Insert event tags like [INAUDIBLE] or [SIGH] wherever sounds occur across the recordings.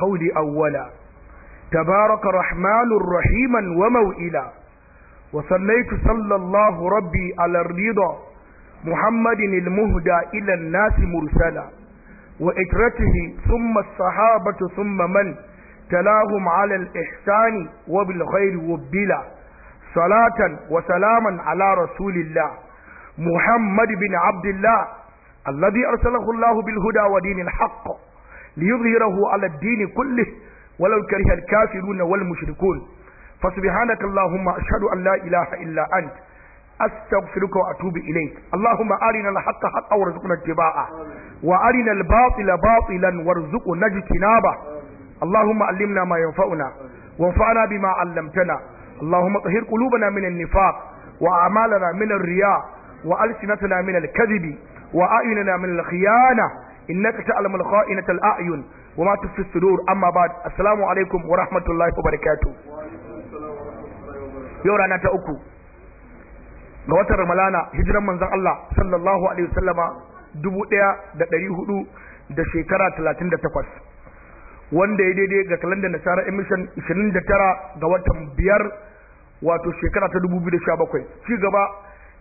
قولي أولا تبارك رحمن الرحيم وموئلا وصليت صلى الله ربي على الرضا محمد المهدى إلى الناس مرسلا وإكرته ثم الصحابة ثم من تلاهم على الإحسان وبالخير وبلا صلاة وسلاما على رسول الله محمد بن عبد الله الذي أرسله الله بالهدى ودين الحق ليظهره على الدين كله ولو كره الكافرون والمشركون فسبحانك اللهم أشهد أن لا إله إلا أنت أستغفرك وأتوب إليك اللهم أرنا الحق حقا وارزقنا اتباعه وأرنا الباطل باطلا وارزقنا اجتنابه اللهم علمنا ما ينفعنا وانفعنا بما علمتنا اللهم طهر قلوبنا من النفاق وأعمالنا من الرياء وألسنتنا من الكذب وأعيننا من الخيانة Inna ta'lamu al-kha'inata al-a'yun wa ma tukhfi as-sudur amma ba'd assalamu alaikum wa rahmatullahi wa barakatuh yau rana ta uku ga watan ramalana hijiran manzon Allah sallallahu alaihi wasallama dubu ɗaya da ɗari hudu da shekara talatin da takwas wanda ya daidai ga kalandar nasara emission ishirin da tara ga watan biyar wato shekara ta dubu biyu da sha bakwai ci gaba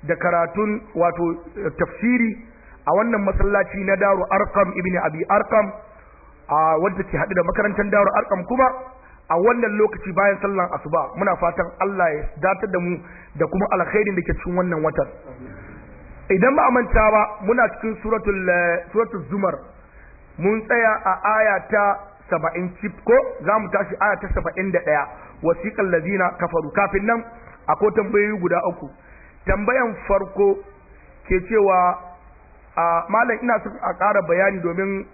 da karatun wato tafsiri a wannan masallaci na daru arkam ibn abi arkam a wadda ke haɗu da makarantar daru arkam kuma a wannan lokaci bayan sallan asuba muna fatan Allah ya datar da mu da kuma alkhairin da ke cikin wannan watan idan ba a manta ba muna cikin suratul eh, suratul zumar mun tsaya a aya ta 70 cif ko zamu tashi aya ta 71 wasiqal ladina kafaru kafin nan akwai tambayoyi guda uku tambayan farko ke cewa a malam ina so a ƙara bayani domin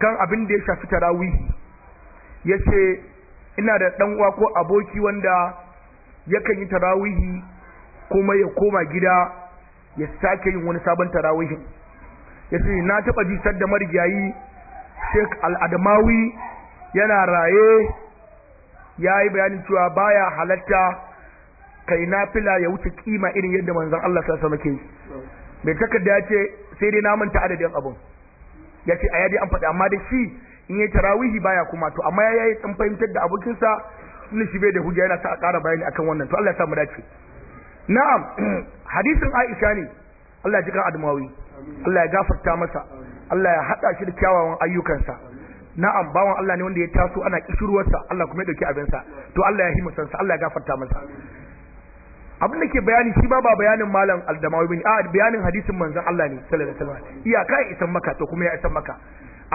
kan abin da ya shafi tarawihi ya ce ina da ɗan uwa ko aboki wanda yakan yi tarawihi kuma ya koma gida ya sake yin wani sabon tarawihi ya ce na taɓa ji da marigayi sheik al'adamawi yana raye ya yi bayanin cewa baya halatta kai na fila ya wuce kima irin yadda manzon Allah sa sama ke bai takarda ya ce sai dai na manta adadin abun ya ce a yadi an faɗi amma da shi in yi tarawihi baya kuma to amma ya yi tsan fahimtar da abokinsa ni shi bai da hujja yana sa a ƙara bayani akan wannan to Allah ya sa mu dace na'am [CLEARS THROAT] hadisin Aisha ne Allah ya ji Admawi Allah ya gafarta masa Allah ya hada shi da kyawawan ayyukansa na'am bawan Allah ne wanda ya taso ana kishirwarsa Allah kuma ya dauki abinsa to Allah ya himmatansa. Allah ya gafarta masa abin da ke bayani shi ba ba bayanin malam aldamawi bin a bayanin hadisin manzon Allah ne sallallahu alaihi wasallam iyaka ya isan maka to kuma ya isan maka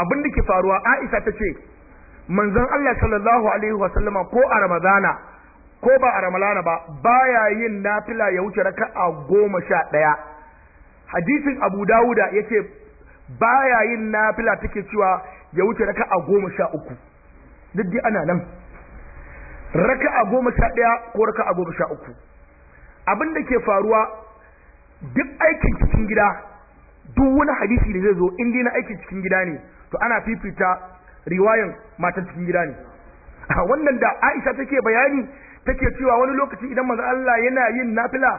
abin da ke faruwa Aisha ta ce manzon Allah sallallahu alaihi wasallama ko a Ramadana ko ba a Ramadana ba baya yin nafila ya wuce raka'a goma sha ɗaya hadisin Abu Dawuda yace baya yin nafila take cewa ya wuce raka'a goma sha uku duk dai ana nan raka'a goma sha ɗaya ko raka'a goma sha uku abin da ke faruwa duk aikin cikin gida duk wani hadisi da zai zo in dai na aikin cikin gida ne to ana fifita riwayan matan cikin gida ne wannan da Aisha take bayani take cewa wani lokaci idan manzo Allah yana yin nafila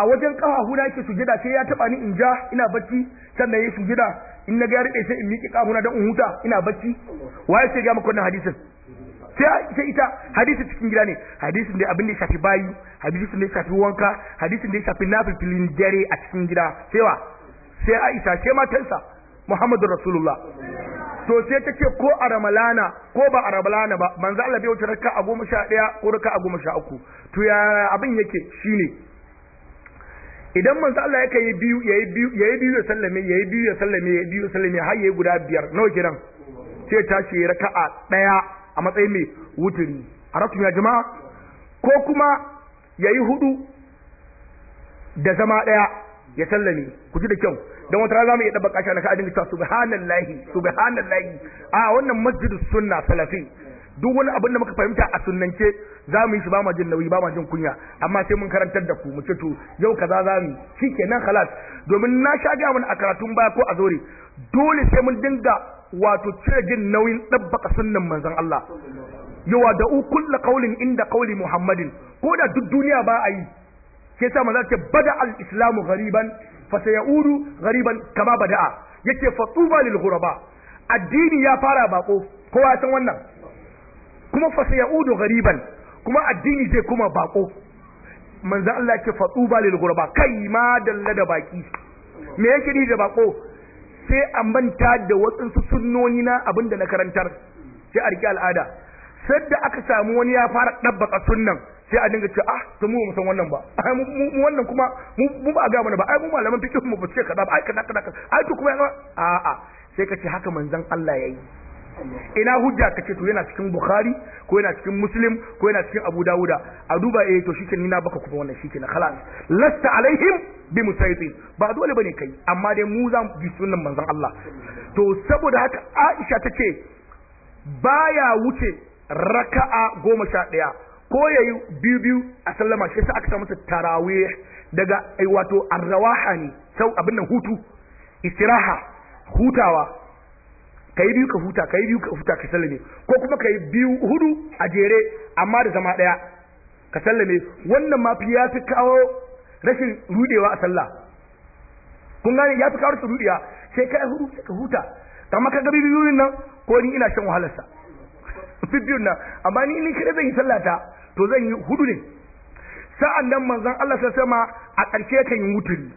a wajen kafafuna yake sujada sai ya taba ni in ja ina bacci sannan yayi sujada in na ga ya rike sai in miƙe kafafuna dan in huta ina bacci waye sai ga maka wannan hadisin sai sai ita hadisi cikin gida ne hadisin da abin da ya shafi bayi hadisin da ya shafi wanka hadisin da ya shafi nafilin dare a cikin gida sai wa sai Aisha ke matansa Muhammadu Rasulullah to sai ta ce ko a ramalana ko ba a ramalana ba manzo Allah bai wuce raka a goma sha ɗaya ko raka a goma sha uku to ya abin yake shine idan manzo Allah yake yi biyu yayi biyu yayi biyu ya sallame yayi biyu ya sallame yayi biyu ya sallame har yayi guda biyar nawa kiran sai ta ce raka'a ɗaya a matsayin mai wuturi arabtum ya jima ko kuma ya yi hudu da zama daya ya sallame ku ji da kyau don wata rana mu iya dabba kashi alaka a dinga subhanallahi subhanallahi a wannan masjidu sunna salafi duk wani abin da muka fahimta a sunnance za mu yi shi ba ma jin nauyi ba ma jin kunya amma sai mun karantar da ku mu ce to yau kaza za mu kenan khalas domin na sha ga mun a karatun baya ko a zore dole sai mun dinga wato cire jin nauyin ɗabbaka sunnan manzon Allah yawa da u kulla qaulin inda qauli Muhammadin ko da duk duniya ba a yi ke sa manzo ce bada al-islamu ghariban fa sayaudu ghariban kama bada'a yake fa tuba lil ghuraba addini ya fara bako kowa san wannan kuma fa sayaudu ghariban kuma addini zai kuma bako manzo Allah ke fa tuba lil ghuraba kai ma dalla da baki me yake ni da bako sai a manta da waɗansu sunnoni na abin da na karantar sai a riƙe al'ada sai da aka samu wani ya fara ɗabbaka sunnan sai a dinga ce ah to mu ba san wannan ba ai mu wannan kuma mu ba ga mana ba ai mu malaman fikihu mu ba ce kaza ba ai kaza kaza ai to kuma a a sai ka ce haka manzon Allah yayi ina hujja ka ce to yana cikin bukhari ko yana cikin muslim ko yana cikin abu dawuda a duba eh to ni na baka kuma wannan shikenan khalas lasta alaihim bi musaytin ba dole bane kai amma dai mu za mu bi sunnan manzon Allah to saboda haka Aisha tace baya wuce raka'a goma sha ɗaya ko yayi biyu biyu a sallama shi sa aka sa masa tarawih daga eh, wato arrawaha ne sau abin nan hutu istiraha hutawa ka yi biyu ka huta ka yi biyu ka huta ka sallame ko kuma ka yi biyu hudu a jere amma da zama ɗaya ka sallame wannan ma ya fi kawo rashin rudewa a sallah kun gane ya fi kawo rashin rudewa sai ka yi hudu sai ka huta amma ka ga biyu nan ko ni ina shan wahalarsa [LAUGHS] biyu nan amma ni ni kada zan yi ta to zan yi hudu ne sa'an nan manzon Allah sa sama a ƙarshe kan yi wuturi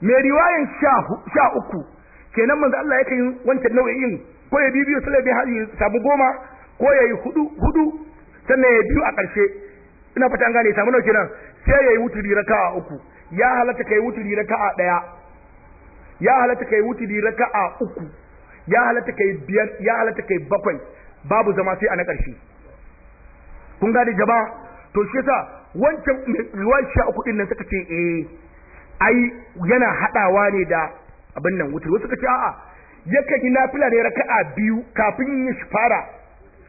mai riwayan sha uku kenan manzo Allah yake yin wancan nau'in ko ya bibiyo sai bai samu goma ko ya yi hudu hudu sannan ya biyu a ƙarshe ina fata an gane samu nau'i kenan sai ya yi wuturi raka'a uku ya halatta kai wuturi raka'a daya ya halatta kai wuturi raka'a uku ya halatta kai biyar ya halatta kai bakwai babu zama sai a na ƙarshe kun gane jama'a to shi yasa wancan riwayar sha uku din nan suka ce eh ai yana hadawa ne da abin nan wutar wasu kace a'a yakan yi nafila ne raka'a biyu kafin ya fara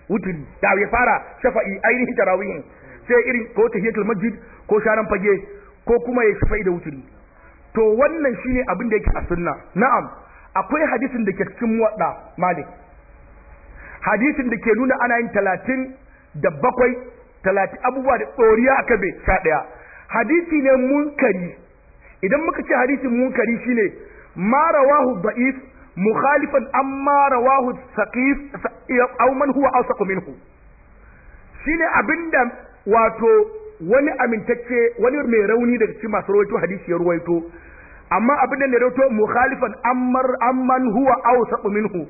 wuturi da ya fara shafa'i ainihi tarawih sai irin ko tahiyatul masjid ko sharan fage ko kuma ya shafa'i da wuturi to wannan shine abin da yake a sunna na'am akwai hadisin da ke cikin wadda malik hadisin da ke nuna ana yin talatin da bakwai talatin abubuwa da tsoriya a kabe sha ɗaya hadisi ne munkari idan muka ce hadisin munkari shine ma rawahu da'if mukhalifan amma rawahu saqif aw man huwa awsaq minhu shine abinda wato wani amintacce wani mai rauni daga cikin masu rawaito hadisi ya ruwaito amma abin da ya rawaito mukhalifan ammar amman huwa awsaq minhu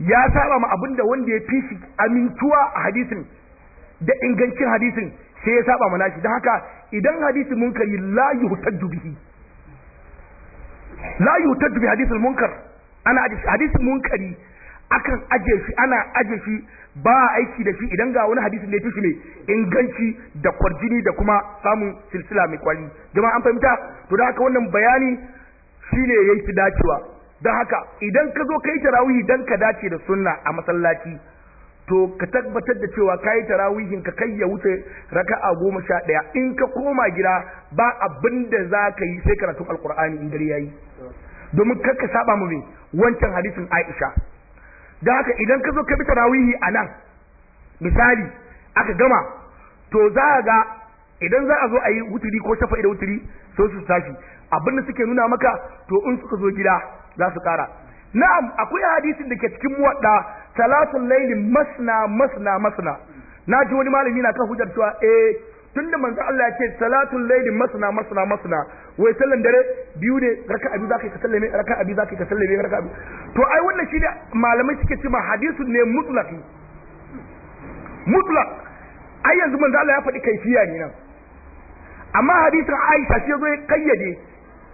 ya saba ma abinda wanda ya fi amintuwa a hadisin da ingancin hadisin sai ya saba ma nashi don haka idan hadisi munkari la yuhtaju bihi la yutaddu bi hadithul munkar ana hadisin munkari akan aje shi ana aje shi ba aiki da shi idan ga wani hadisi da ya fi ne inganci da kwarjini da kuma samun silsila mai kwari jama'a an fahimta to da haka wannan bayani shine yayi fi dacewa don haka idan ka zo ka yi tarawihi don ka dace da sunna a masallaci to ka tabbatar da cewa ka yi tarawihin ka kai ya wuce raka'a goma sha ɗaya in ka koma gida ba abinda da za ka yi sai karatun alkur'ani in dare ya domin kar ka saba mu wancan hadisin Aisha da haka idan ka zo ka bi tarawihi a nan misali aka gama to za a ga idan za a zo a yi wuturi ko shafa'i da wuturi sai su tashi abin da suke nuna maka to in suka zo gida za su kara na'am akwai hadisin da ke cikin muwadda salatul laili masna masna masna na ji wani malami na kan hujjar cewa eh tunda manzo Allah ya ce salatul layli masna masna masna wai sallan dare biyu ne raka abi zaka ka sallame raka abi zaka ka sallame raka abi to ai wannan ne malamai suke cewa hadisun ne mutlaqi mutlaq ai yanzu manzo Allah ya faɗi kaifiya ne nan amma hadisin Aisha shi zo kayyade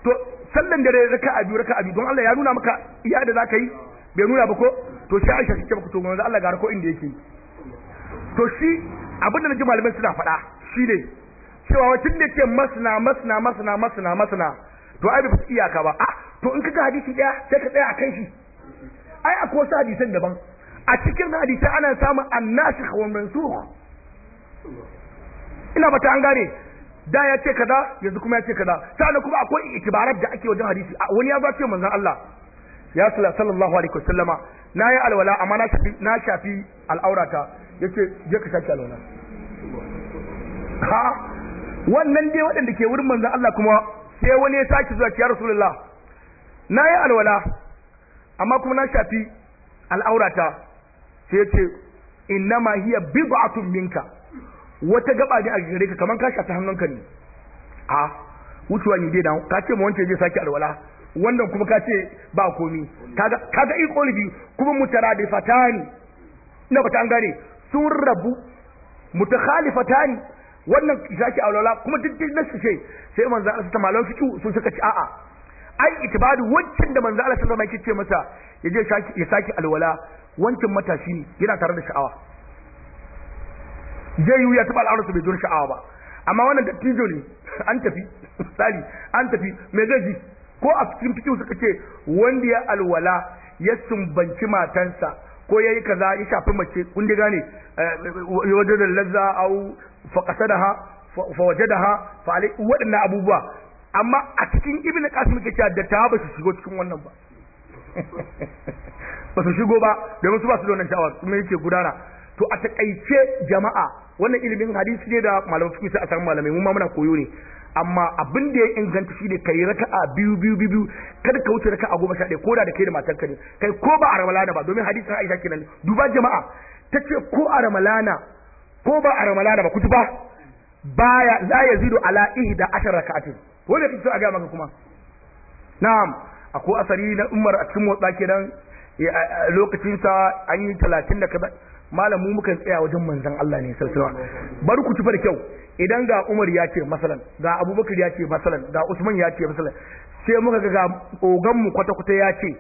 to sallan dare raka abi raka abi don Allah ya nuna maka iya da zaka yi bai nuna ba ko to shi Aisha ba ku to manzo Allah gara ko inda yake to shi abinda ji malamai suna faɗa shine cewa wacin da ke masna masna masna masna masna to ai ba iyaka ba a ah, to in kaga hadisi daya sai ka tsaya a kan shi ai akwai wasu hadisan daban a cikin hadisi ana samun annashi wa mansukh ina bata an gane da ya ce kaza yanzu kuma ya ce kaza sai kuma akwai itibarar da ake wajen hadisi wani ya zo ce manzon Allah ya sallallahu alaihi wasallama na yi alwala amma na shafi al'aurata yace je ka shafi alwala ha wannan dai waɗanda ke wurin manzon Allah kuma sai wani ya sake zuwa ya rasulullah na yi alwala amma kuma na shafi al'aurata sai ya ce ma hiya bid'atun minka wata gaba ne a gare ka kamar ka shafi hannunka ne a wucewa ne dai da ka ce mu wance zai sake alwala wannan kuma ka ce ba komi kaga kaga ikolibi kuma ina na bata an gane sun rabu mutakhalifatan wannan shaki alwala kuma duk duk nasu ce sai manzo Allah ta malan fitu su suka ci a'a ai itibadu wancan da manzo Allah sallallahu alaihi wasallam yake ce masa yaje shaki ya saki alwala wancan matashi ne yana tare da sha'awa zai yi ya taba al'aurarsa bai don sha'awa ba amma wannan tijo ne an tafi misali an tafi me zai ji ko a cikin fitu suka ce wanda ya alwala ya sumbanci matansa ko yayi kaza ya shafi mace kun ji gane eh, wajen da lazza au fa fawajadaha fa wajadaha fa abubuwa amma a cikin ibnu qasim ke cewa da ta ba su shigo cikin wannan ba [LAUGHS] ba su shigo ba domin su ba su da wannan sha'awar kuma yake gudana to a takaice jama'a wannan ilimin hadisi ne da malamai suke a samu malamai mun ma muna koyo ne amma abin da ya inganta shi ne ka yi raka'a biyu biyu biyu biyu kada ka wuce raka'a goma sha ɗaya ko da da kai da ka ne kai ko ba a ramalana ba domin hadisin Aisha kenan duba jama'a ta ce ko a ramalana ko ba a ramalana ba kutu ba baya ya zido ala ihda ashara rak'atin ko da kike a ga maka kuma na'am akwai asari na Umar a cikin motsa kenan lokacin sa an yi 30 da kaza malamu mukan tsaya wajen manzon Allah ne sallallahu alaihi wasallam ku tufa da kyau idan ga Umar ya ce masalan ga Abubakar ya ce masalan ga Usman ya ce masalan sai muka ga ga ogan mu kwata kwata ya ce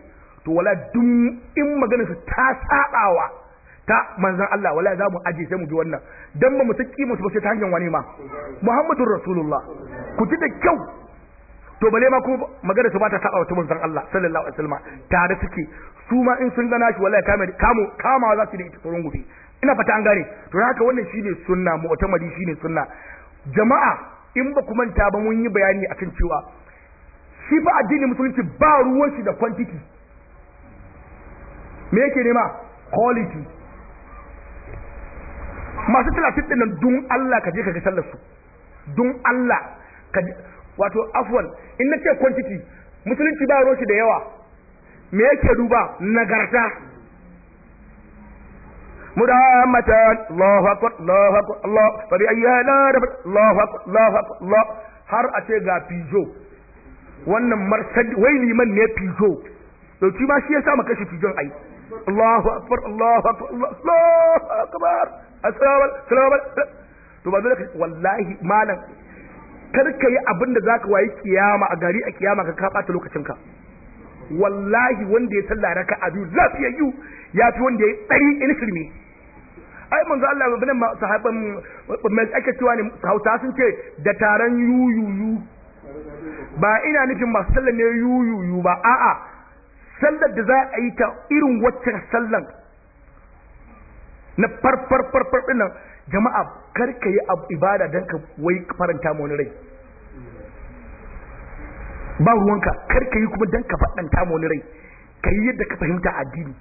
to wala duk in maganar ta sabawa ta manzan Allah wala za mu aje sai mu bi wannan dan ba mu ta kima su ba sai ta hanyar wani ma Muhammadur Rasulullah ku ji da kyau to bale ma kuma magana su ba ta saba wata manzan Allah sallallahu alaihi wasallam tare suke su ma in sun gana shi wallahi kame kamo kama za su da ita tsoron gobe ina fata an gane to haka wannan shine sunna mu'tamadi shine sunna jama'a in ba ku manta ba mun yi bayani akan cewa shi ba addinin musulunci ba ruwan shi da quantity me yake nema quality masu talatin ɗin nan don Allah ka je ka ga sallar su don Allah ka wato afwan in na ce quantity musulunci ba roshi da yawa me yake duba nagarta مدامتان الله أكبر الله أكبر الله فبأي آلاء ربك الله أكبر الله أكبر الله har a ce ga fijo wannan marsadi wai liman ne fijo dauki ba shi yasa maka shi fijon ai Allahu akbar Allahu akbar Allahu akbar asalawar to ba malam kar yi abin da zaka wayi kiyama a gari a kiyama ka ka ɓata lokacinka wallahi wanda ya salla raka a biyu lafiyayyu ya fi wanda ya yi ɗari ilfirmi ai manzo Allah ba nan ma sahaban mai ake cewa ne Hausa sun ce da taron yuyuyu ba ina nufin masu sallar ne yuyuyu ba a'a sallar da za a yi ta irin waccan sallar na farfar farfar dinnan jama'a karka yi ibada don ka wai faranta mu wani rai ba ruwanka karka yi kuma don ka faɗanta mu wani rai ka yi yadda ka fahimta addini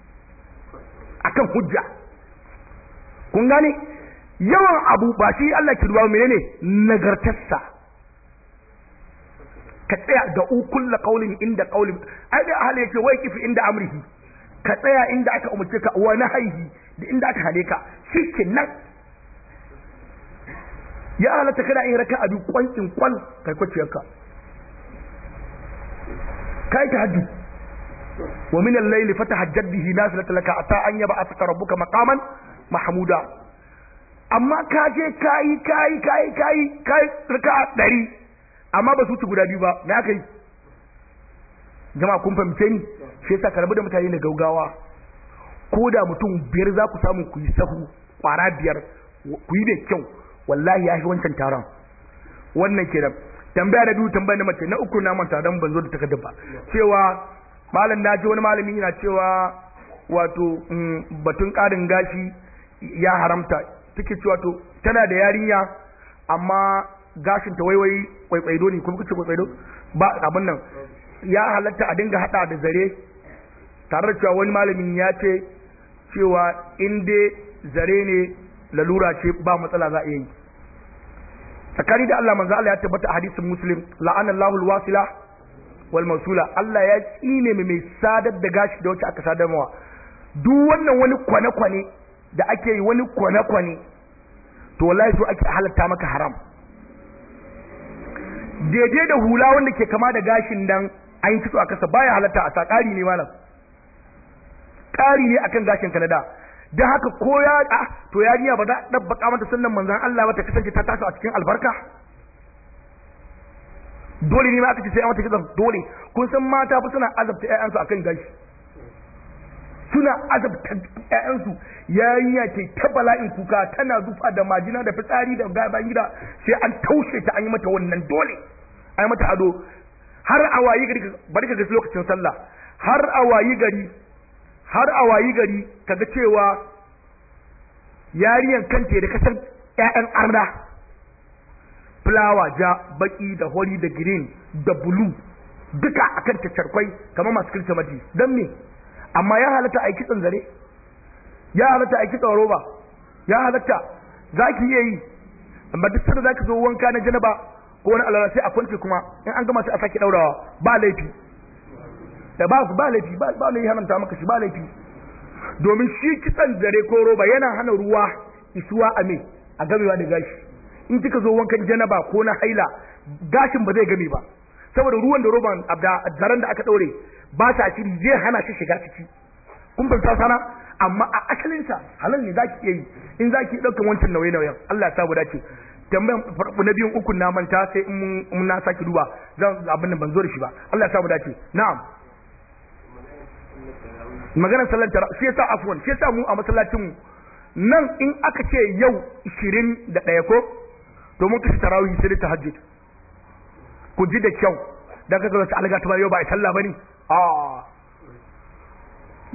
akan hujja kun gane yawan abu ba shi Allah ki ruwa menene nagartarsa ka tsaya ga ukulla qaulin inda qaulin ai da ahli wai kifi inda amrihi ka tsaya inda aka umarce ka wa na haihi da inda aka hane ka shikin nan ya halatta kana yin raka abu kwankin kwal kai Ka kai ta hajji wa min al-layl fatahajjad bihi nafilatan laka ata an yaba ataka rabbuka maqaman mahmuda amma ka je kai kai kai kai kai raka 100 amma ba su ci guda biyu ba me aka yi jama'a kun fahimce ni shi yasa karbi da mutane da gaugawa ko da mutum biyar za ku samu ku yi sahu kwara biyar ku yi da kyau wallahi ya fi wancan taron wannan ke da tambaya da biyu tambaya da mace na uku na manta don ban zo da takardar ba cewa malam na ji wani malami yana cewa wato mm, batun karin gashi ya haramta take cewa to tana da yarinya amma gashinta ta waiwai kwaikwaido ne kuma kace kwaikwaido ba abin nan ya halatta a dinga hada da zare tare da cewa wani malamin ya ce cewa in dai zare ne lalura ce ba matsala za a yi tsakani da Allah manzo Allah ya tabbata a hadisin Muslim la'anallahu alwasila wal mawsula Allah ya tsine mai sadar da gashi da wacce aka mawa. duk wannan wani kwane-kwane da ake yi wani kwane-kwane to wallahi so ake halatta maka haram daidai da hula wanda ke kama da gashin dan. an yi kitso a kasa baya halatta a sa ƙari ne malam ƙari ne akan gashin kanada da haka ko ya a to yarinya ba za a ɗabbaka mata sannan manzan Allah ba ta kasance ta taso a cikin albarka dole ne ma aka ce sai an mata kitson dole kun san mata fa suna azabta ƴaƴansu akan gashi suna azabta ƴaƴansu yarinya ce ta bala'in kuka tana zufa da majina da fitsari da gaban gida sai an taushe ta an yi mata wannan dole an yi mata ado har a wayi gari bari ka gasi lokacin sallah har a wayi gari har a wayi gari kaga cewa yariyan kanta da kasar ƴaƴan arna fulawa ja baki da hori da green da blue duka akan charkwai kamar masu kirtamati don me amma ya halatta a yi kitsan zare ya halatta a yi kitsan roba ya halatta za ki iya yi amma duk sanda za ka zo wanka na janaba ko wani alwala sai a kwance kuma in an gama sai a sake daurawa ba laifi da ba ba laifi ba ba laifi ta maka shi ba laifi domin shi kitan zare ko roba yana hana ruwa isuwa a me a gamewa da gashi in kika zo wankan janaba ko na haila gashin ba zai game ba saboda ruwan da roban abda zaren da aka daure ba ta shiri zai hana shi shiga ciki kun fahimta sana amma a asalinsa halin ne zaki iya yi in zaki ɗaukan wancan nauye nauyin Allah ya samu dace tambayan farko na biyun uku na manta sai in mun na saki duba zan abin nan ban zo da shi ba Allah ya sa mu dace na'am maganar sallar tara sai yasa afwan sai yasa mu a masallacin nan in aka ce yau 21 ko to mun kashi tarawih sai ta hajji ku ji da kyau da ka zo ta alga ta yau ba ai sallah bane a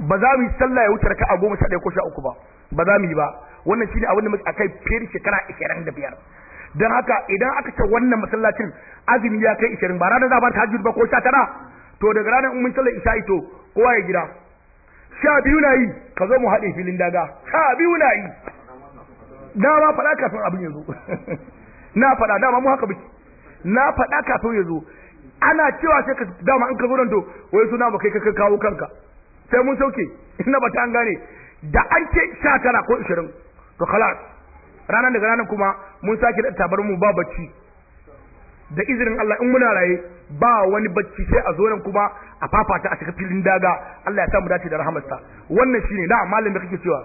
ba za mu yi sallah ya wuce raka'a goma sha ɗaya ko sha uku ba ba za mu yi ba wannan shine abin da muke akai fiye shekara 25 don haka idan aka ce wannan masallacin azumi ya kai ishirin ba ranar zaɓar tahajjud ba ko sha tara to daga ranar in mun sallar isha'i to kowa ya gida sha biyu na yi ka zo mu haɗe filin daga sha biyu na yi dama faɗa kafin abin ya zo [LAUGHS] na faɗa dama mu haka biki na faɗa kafin ya zo ana cewa sai ka dama in ka zo nan to wai suna ba kai ka kawo kanka sai mun sauke [LAUGHS] ina ba ta an gane da an ce sha tara ko ishirin to kalas ranar daga ranar kuma mun sake da tabar mu ba bacci da izinin Allah in muna raye ba wani bacci sai a zoren kuma a fafata a cika filin daga Allah ya samu dace da rahamarsa wannan shine na mallam da kake cewa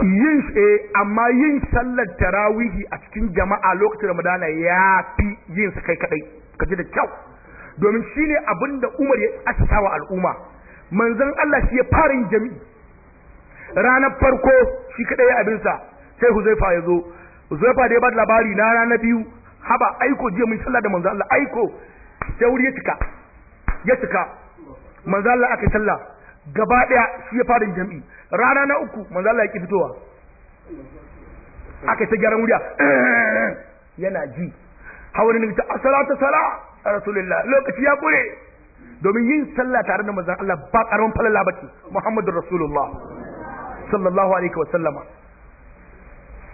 yin shi eh, amma yin sallar tarawihi a cikin jama'a lokacin ramadana ya fi yin sa kai kadai ka da kyau domin shi ne abin da Umar ya asasa wa al'umma manzan Allah shi ya fara jami jami'i ranar farko shi kaɗai ya abinsa sai Huzaifa ya zo Huzaifa da ya ba da labari na ranar biyu haba aiko jiya mun sallah da manzan Allah aiko sai wuri ya cika ya cika manzan Allah aka sallah gaba ɗaya shi ya fara jami jami'i rana na uku manzan Allah ya ki fitowa aka ta gyaran wuriya [CLEARS THROAT] yana ji ne ta asala ta sala rasulullah lokaci ya kure domin yin sallah tare da manzon Allah ba karamin falala bace muhammadur rasulullah sallallahu alaihi wa sallama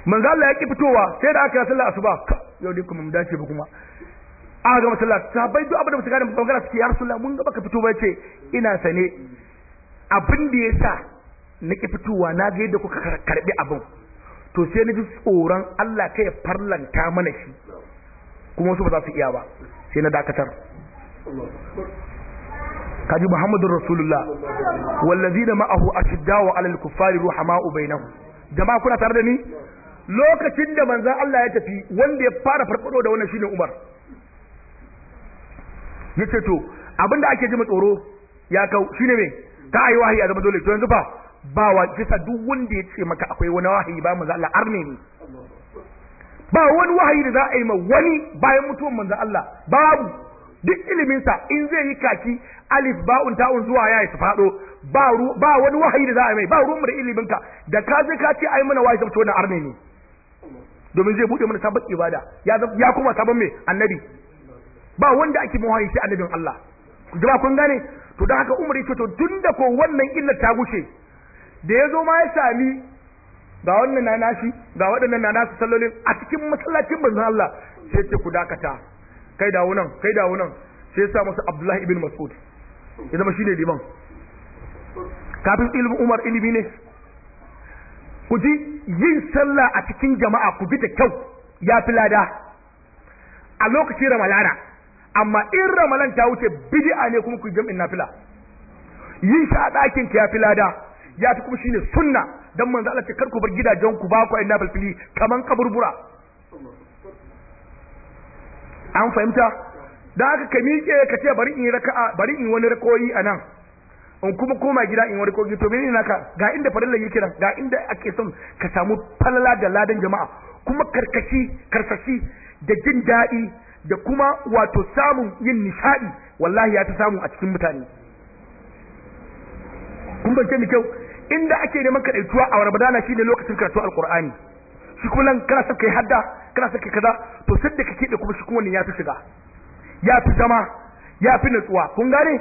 manzon Allah ya fitowa sai da aka yi sallah asuba yau dai kuma mu dace ba kuma aka gama sallah bai duk abin da su gane bangaren suke ya rasulullah mun ga baka fito ba ce ina sane abin da ya sa na ki fitowa na ga yadda kuka karbi abin to sai na ji tsoron Allah kai ya farlanta mana shi kuma wasu ba za su iya ba sai na dakatar kaji muhammadun rasulullah wallazi da ma'ahu wa alal kuffari ruhama'u bainahum jama'a kuna tare da ni lokacin da manzan Allah ya tafi wanda ya fara farfado da wannan shine Umar ya ce to abinda ake jima tsoro ya kau shine mai ta yi wahayi a zama dole to yanzu fa ba wa kisa duk wanda ya ce maka akwai wani wahayi ba manzan Allah arne ne ba wani wahayi da za a yi ma wani bayan mutuwan manzon Allah babu duk iliminsa in zai yi kaki alif ba'un ta'un zuwa ya su faɗo ba wani wahayi da za a yi mai ba ruwan da iliminka da ka je ka ce ai mana wahayi zama wannan arne ne domin zai buɗe mana sabon ibada ya kuma sabon mai annabi ba wanda ake mawahayi sai annabin Allah jama kun gane to don haka umar ya ce to tun da ko wannan illar ta gushe da ya zo ma ya sami ga wannan na nashi ga waɗannan na nasu sallolin a cikin masallacin manzon Allah sai ce ku dakata kai dawo nan kai dawo nan sai sa masa Abdullahi ibn Mas'ud ya zama shine liman kafin ilimin Umar ilimi ne ku ji yin sallah a cikin jama'a ku bi ta kyau ya fi lada a lokacin ramalana amma in ramalan ta wuce bid'a ne kuma ku jam'in nafila yin shi a ɗakin ka ya fi lada ya fi kuma shine sunna dan manzo Allah ce kar ku bar gidajen ku ba ku ina filfili kaman kaburbura an fahimta da haka ka miƙe ka ce bari in raka'a bari in wani rakoyi anan in kuma koma gida in wani kogi to ne naka ga inda farilla yake nan ga inda ake son ka samu falala da ladan jama'a kuma karkashi karsashi da jin daɗi da kuma wato samun yin nishaɗi wallahi ya ta samu a cikin mutane kun bance mu kyau inda ake neman ka a Ramadan shi ne lokacin karatu alqur'ani shi kullun kana saka kai hadda kana saka kai kaza to sai da kake da kuma shi kuma ya fi shiga ya fi zama ya fi natsuwa kun gane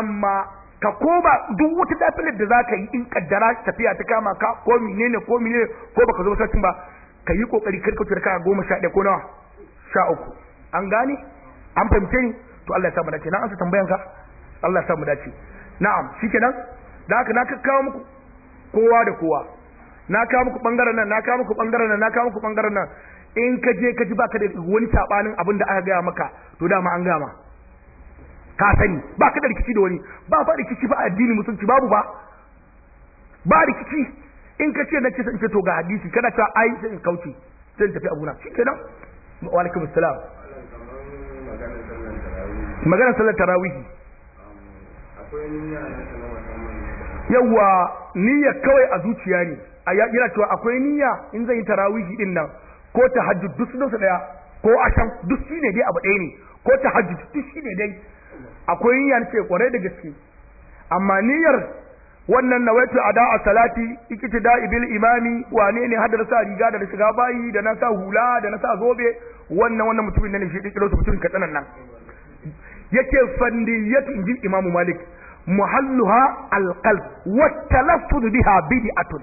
amma ka koma duk wata dafilar da zaka yi in kaddara tafiya ta kama ka ko menene ko menene ko baka zo sashin ba ka yi kokari kar ka ka goma sha ɗaya ko nawa sha uku an gane an fahimce ni to Allah ya sa mu dace na an sa tambayanka Allah ya sa mu dace na'am shikenan da haka na kawo muku kowa da kowa na kawo muku bangaren nan na kawo muku bangaren nan na kawo muku bangaren nan in ka je ka ji baka da wani sabanin abin da aka gaya maka to dama an gama ka sani ba ka da rikici da wani ba fa rikici ba addini musulunci babu ba ba rikici in ka ce na ce ce to ga hadisi kana cewa ai sai in kauce sai in tafi abuna shikenan wa alaikum assalam magana sallar tarawih akwai niyya na yawa niyya kawai a zuciya ne a yana cewa akwai niyya in zai yi tarawihi din nan ko tahajjud duk sun daya ko asham duk shi ne dai abu ɗaya ne ko tahajjud duk shi ne dai akwai niyya ce kwarai da gaske amma niyyar wannan nawaitu ada a salati ikiti da ibil imami wane ne hadar sa riga da shiga bayi da na sa hula da na sa zobe wannan wannan mutumin ne shi su mutumin katsanan nan yake fandiyatu ji imamu malik muhalluha alqalb wa talaffuz biha bid'atun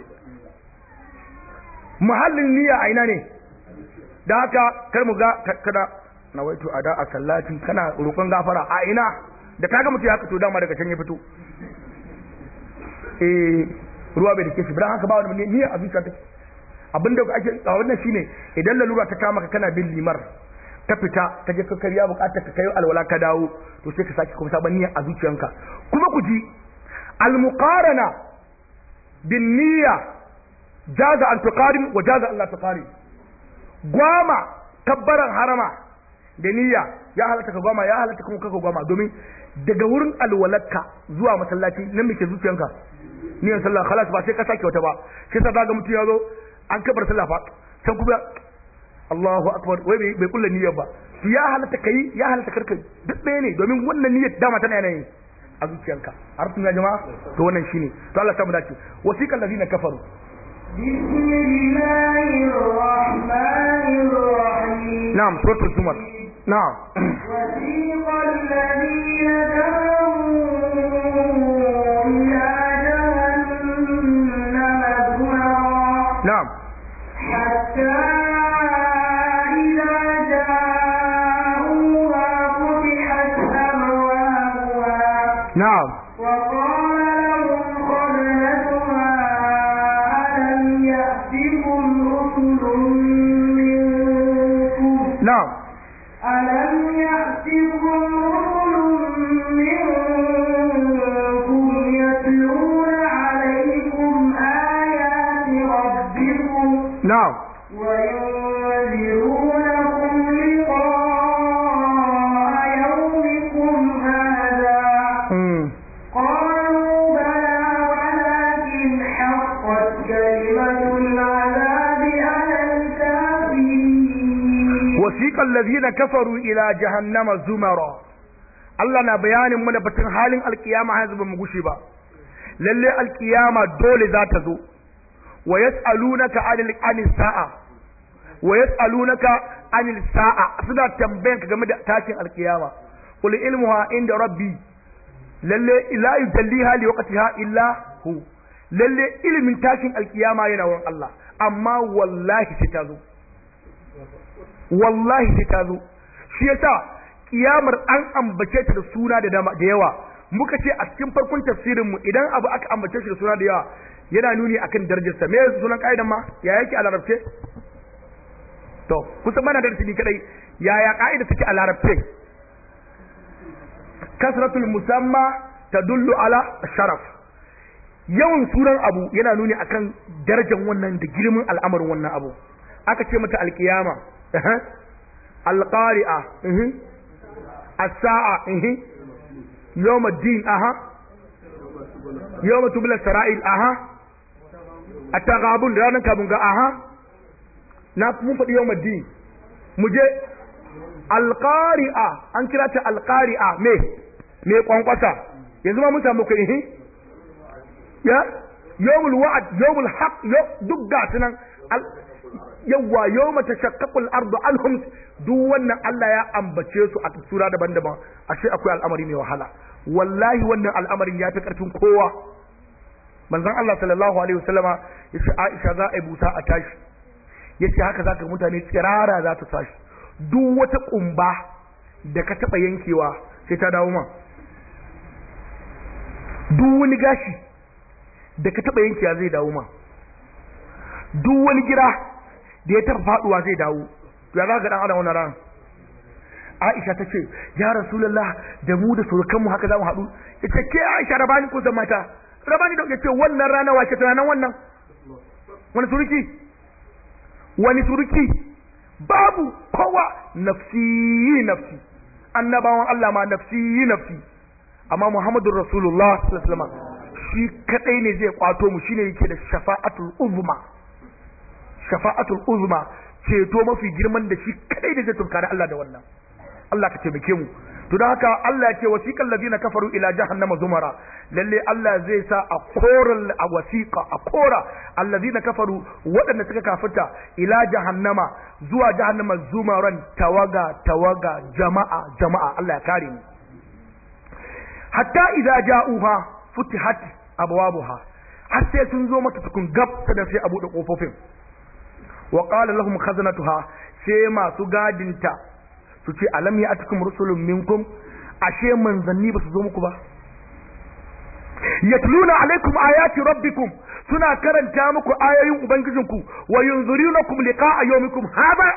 muhallin niyya a ina ne da haka kar mu ga kada nawaitu ada a da a sallati kana roƙon gafara a ina da kaga mutum ya fito dama daga can ya fito eh ruwa bai da kishi bi haka ba wani niyya a zuciya take abinda ake a wannan shine idan lalura ta kama ka kana bin limar Ta fita ta je kakar karya bukatar ka kayo alwala ka dawo to sai ka sake kuma sabon niyya a zuciyanka kuma ku ji almuqarana bin niyya jaza an tuqarin wa jaza la tuqarin gwama kabbaran harama da niyya ya halatta ka gwama ya halatta kuma kaka gwama domin daga wurin alwalarka zuwa masallaci nan muke zuciyanka niyan sallah khalas ba sai ka sake wata ba sai sa ga mutum ya zo an kabar sallah fa san kuma Allahu akbar wai bai kulle niyyar ba ya halatta kai ya halatta karka duk ɗaya ne domin wannan niyyar dama tana yanayin. a zuciyarka har sun ya jama'a to wannan shine to Allah samu dace wasiqal ladina kafaru bismillahir rahmanir rahim na'am Now wasiqal ladina kafaru ila jahannama rawa, Allah na bayanin mana batun halin alkiyama har ba mu gushe ba lalle alkiyama dole za ta zo wa yas'alunaka anil anis sa'a wa yas'alunaka anil sa'a suna tambayan ka game da tashin alkiyama qul ilmuha inda rabbi lalle la yujalliha li waqtiha illa hu lalle ilmin tashin alkiyama yana wurin Allah amma wallahi sai ta zo wallahi sai ta zo shi yasa kiyamar an ambace ta da suna da yawa muka ce a cikin farkon tafsirin mu idan abu aka ambace shi da suna da yawa yana nuni akan darajarsa me yasa sunan kaidan ma ya yake a larabce to kusan mana da ni kadai yaya kaida take a larabce kasratul musamma tadullu ala sharaf yawan sunan abu yana nuni akan darajar wannan da girman al'amarin wannan abu aka ce mata alkiyama alqari'a mhm. as-sa'a mhm. din aha yawm tubla sara'il aha at-taghabun ranan kabun aha na mun faɗi yawm din mu je alqari'a an kira ta alqari'a me me kwankwasa yanzu ma mun samu kai mhm. ya duk ga sunan yawwa yawma tashaqqaqul ardu anhum duk wannan Allah ya ambace su a sura daban-daban ashe akwai al'amari mai wahala wallahi wannan al'amarin ya fi karfin kowa manzon Allah sallallahu alaihi wasallama yace Aisha za a busa a tashi yace haka zaka mutane tsirara za ta tashi duk wata kumba da ka taba yankewa sai ta dawo ma duk wani gashi da ka taba yankewa zai dawo ma duk wani gira da ya tafi faduwa zai dawo to ya za ga dan wani wannan ran Aisha ta ce ya rasulallah da mu da surukan haka za mu haɗu ya ce ke Aisha rabani ko mata rabani da ya ce wannan rana wace tunanin wannan wani suruki wani suruki babu kowa nafsi yi nafsi annabawan Allah ma nafsi yi nafsi amma Muhammadu Rasulullah sallallahu alaihi wasallam shi kadai ne zai kwato mu shine yake da shafa'atul uzma shafa'atul uzma ceto mafi girman da shi kadai da zai tunkari Allah da wannan Allah ka taimake mu to don haka Allah ya ce wasiqal ladina kafaru ila jahannama zumara lalle Allah zai sa a koral a wasiqa a kora alladina kafaru waɗanda suka kafirta ila jahannama zuwa jahannama zumaran tawaga tawaga jama'a jama'a Allah ya kare mu hatta idza ja'uha futihat abwabuha har sai sun zo mata tukun gab da sai a buɗe kofofin wa qala lahum khaznatuha sai masu gadinta su ce alam ya atikum rusulun minkum ashe manzanni ba su zo muku ba yatluna alaikum ayati rabbikum suna karanta muku ayoyin ubangijinku wa yunzirunakum liqa'a yawmikum haba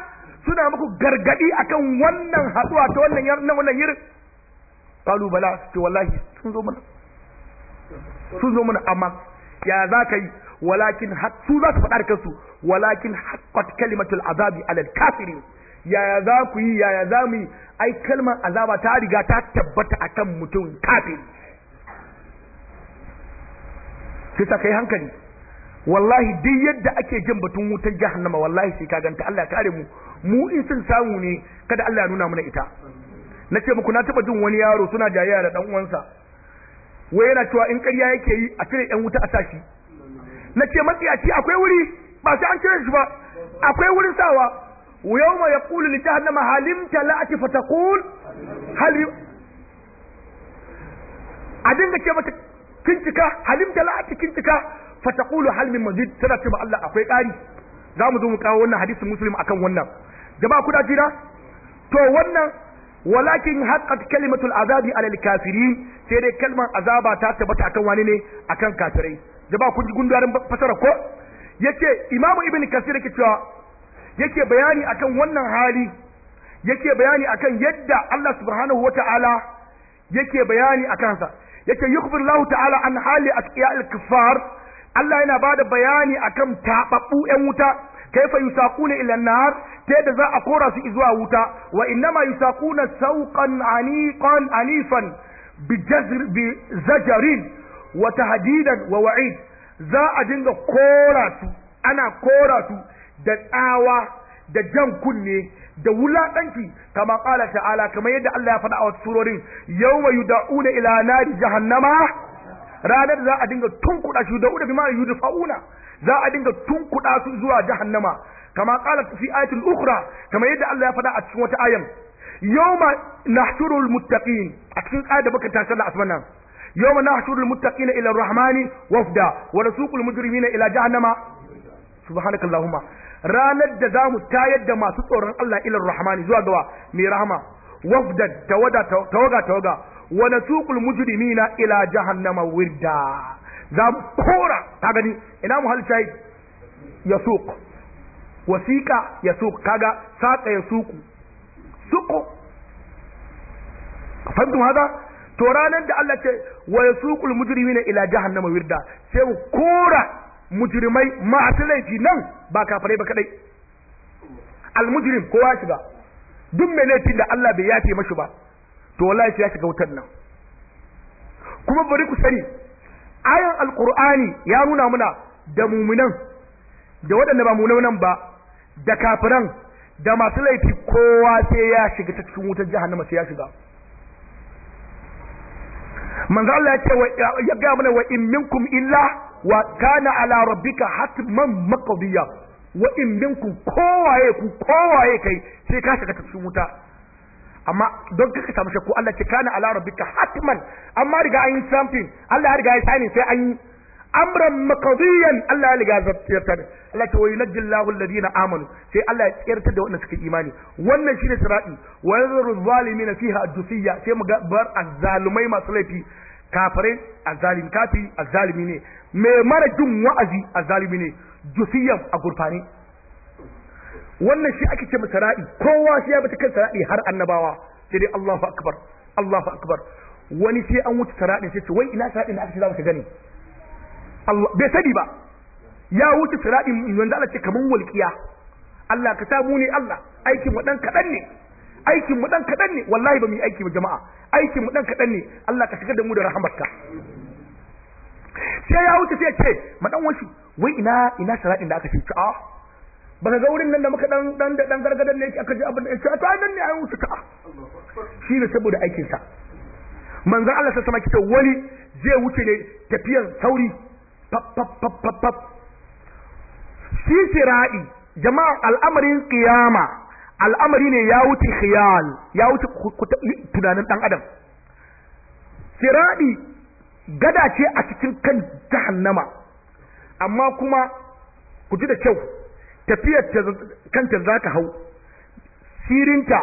suna muku gargadi akan wannan haduwa ta wannan nan wannan yirin qalu bala ce wallahi sun zo mana sun zo mana amma ya za ka yi walakin hattu za su faɗa da kansu walakin haqqat kalimatul azabi alal kafirin yaya za ku yi yaya za mu yi ai kalmar azaba ta riga ta tabbata kan mutum kafiri sai ta kai hankali wallahi duk yadda ake jin batun wutar jahannama wallahi sai ka ganta Allah ya kare mu mu in sun samu ne kada Allah ya nuna mana ita na ce muku na taɓa jin wani yaro suna jayayya da dan uwansa wai yana cewa in ƙarya yake yi a cire yan wuta a sashi na ce matsiyaci akwai wuri ba sai an cire shi ba akwai wurin sawa yau ma ya kulu li jahannama halim talati fatakul a dinga ce mata kincika halim fatakulu hal min mazid tana ce ba Allah akwai ƙari za mu zo mu kawo wannan hadisin muslim akan wannan jama'a kuna jira to wannan walakin haqqat kalimatul azabi alal kafirin sai dai kalmar azaba ta tabbata akan wani ne akan kafirai jama'a kun ji gundarin fasara ko yace imamu ibnu kasir yake cewa yake bayani akan wannan hali yake bayani akan yadda Allah subhanahu wata'ala yake bayani akan sa yake yukhbir Allah ta'ala an hali atqiya al-kuffar Allah yana bada bayani akan tababbu yan wuta kaifa yusaquna ila an-nar ta yadda za a kora su zuwa wuta wa innama yusaquna sawqan aniqan anifan bi zajarin wa tahdidan wa wa'id za a dinga kora su ana kora su da tsawa da jan kunne da wulaƙanci kama ƙala ta'ala kamar yadda Allah ya faɗa a wasu surorin Yau yawma yuda'una ila nari jahannama ranar za a dinga tunkuɗa shi da uda bima yudfa'una za a dinga tunkuɗa su zuwa jahannama kama ƙala fi ayatul ukhra kamar yadda Allah ya faɗa a cikin wata ayan ma nahshurul muttaqin a cikin ayat da muka tasar da nan. yawma nahshurul muttaqina ila ar-rahmani wafda wa nasuqul mujrimina ila jahannama subhanaka allahumma ranar da za mu tayar da masu tsoron Allah ila ar-rahmani zuwa gawa mai rahama wafda tawada tawaga tawaga wa nasuqul mujrimina ila jahannama wirda za mu kora Ka gani ina mu halcai yasuq wasiqa yasuq kaga saqa yasuqu suqu فهمتم هذا to ranar da Allah ce wa yasuqul mujrimina ila jahannama wirda sai mu kora mujirimai masu laifi nan ba kafirai ba kadai al mujrim kowa shiga duk mai laifin da Allah bai yafe mashi ba to wallahi sai ya shiga wutar nan kuma bari ku sani ayan alqur'ani ya nuna muna da muminan da waɗanda ba muminan ba da kafiran da masu laifi kowa sai ya shiga ta cikin wutar jahannama sai ya shiga manzo Allah ya ce ya ga mana wa in minkum illa wa kana ala rabbika hatman maqdiya wa in minkum kowaye ku kowaye kai sai ka shiga cikin wuta amma don kaka samu shakku Allah ce kana ala rabbika hatman amma riga an yi something Allah ya riga ya sani sai an yi amran makadiyan Allah ya liga riga zartar Allah ta wayi najjil lahu alladhina amanu sai Allah ya tsirtar da waɗanda suka imani wannan shine wani wa yadhuru zalimin fiha adusiyya sai mu bar azzalumai masu laifi kafirai azzalim kafi azzalimi ne mai mara jin wa'azi azzalimi ne jusiyyan a gurfane wannan shi ake ce masa ra'i kowa sai ya bi kan sara'i har annabawa sai dai Allahu akbar Allahu akbar wani sai an wuce sara'i sai ce wai ina sara'i da aka ce za mu gani Allah bai sani ba ya wuce siradi manzo Allah ce kaman walqiya Allah ka samu ne Allah aikin mu dan kadan ne aikin mu dan kadan ne wallahi ba mu yi aiki ba jama'a aikin mu dan kadan ne Allah ka shiga da mu da rahamarka sai ya wuce sai ce ma dan wai ina ina siradin da aka ce a ba ka ga wurin nan da muka dan dan dan gargadan ne aka ji abin da ya ce a nan ne ayi wuce ta shi ne saboda aikin sa manzon Allah sai sama kike wani zai wuce ne tafiyan sauri fab shi siradi jama'a al'amarin iyama al'amari ne ya wuce khiyal ya wuce tunanin dan adam siradi gada ce a cikin kan jahannama amma kuma ku ji da kyau tafiyar kanta za ka hau sirinta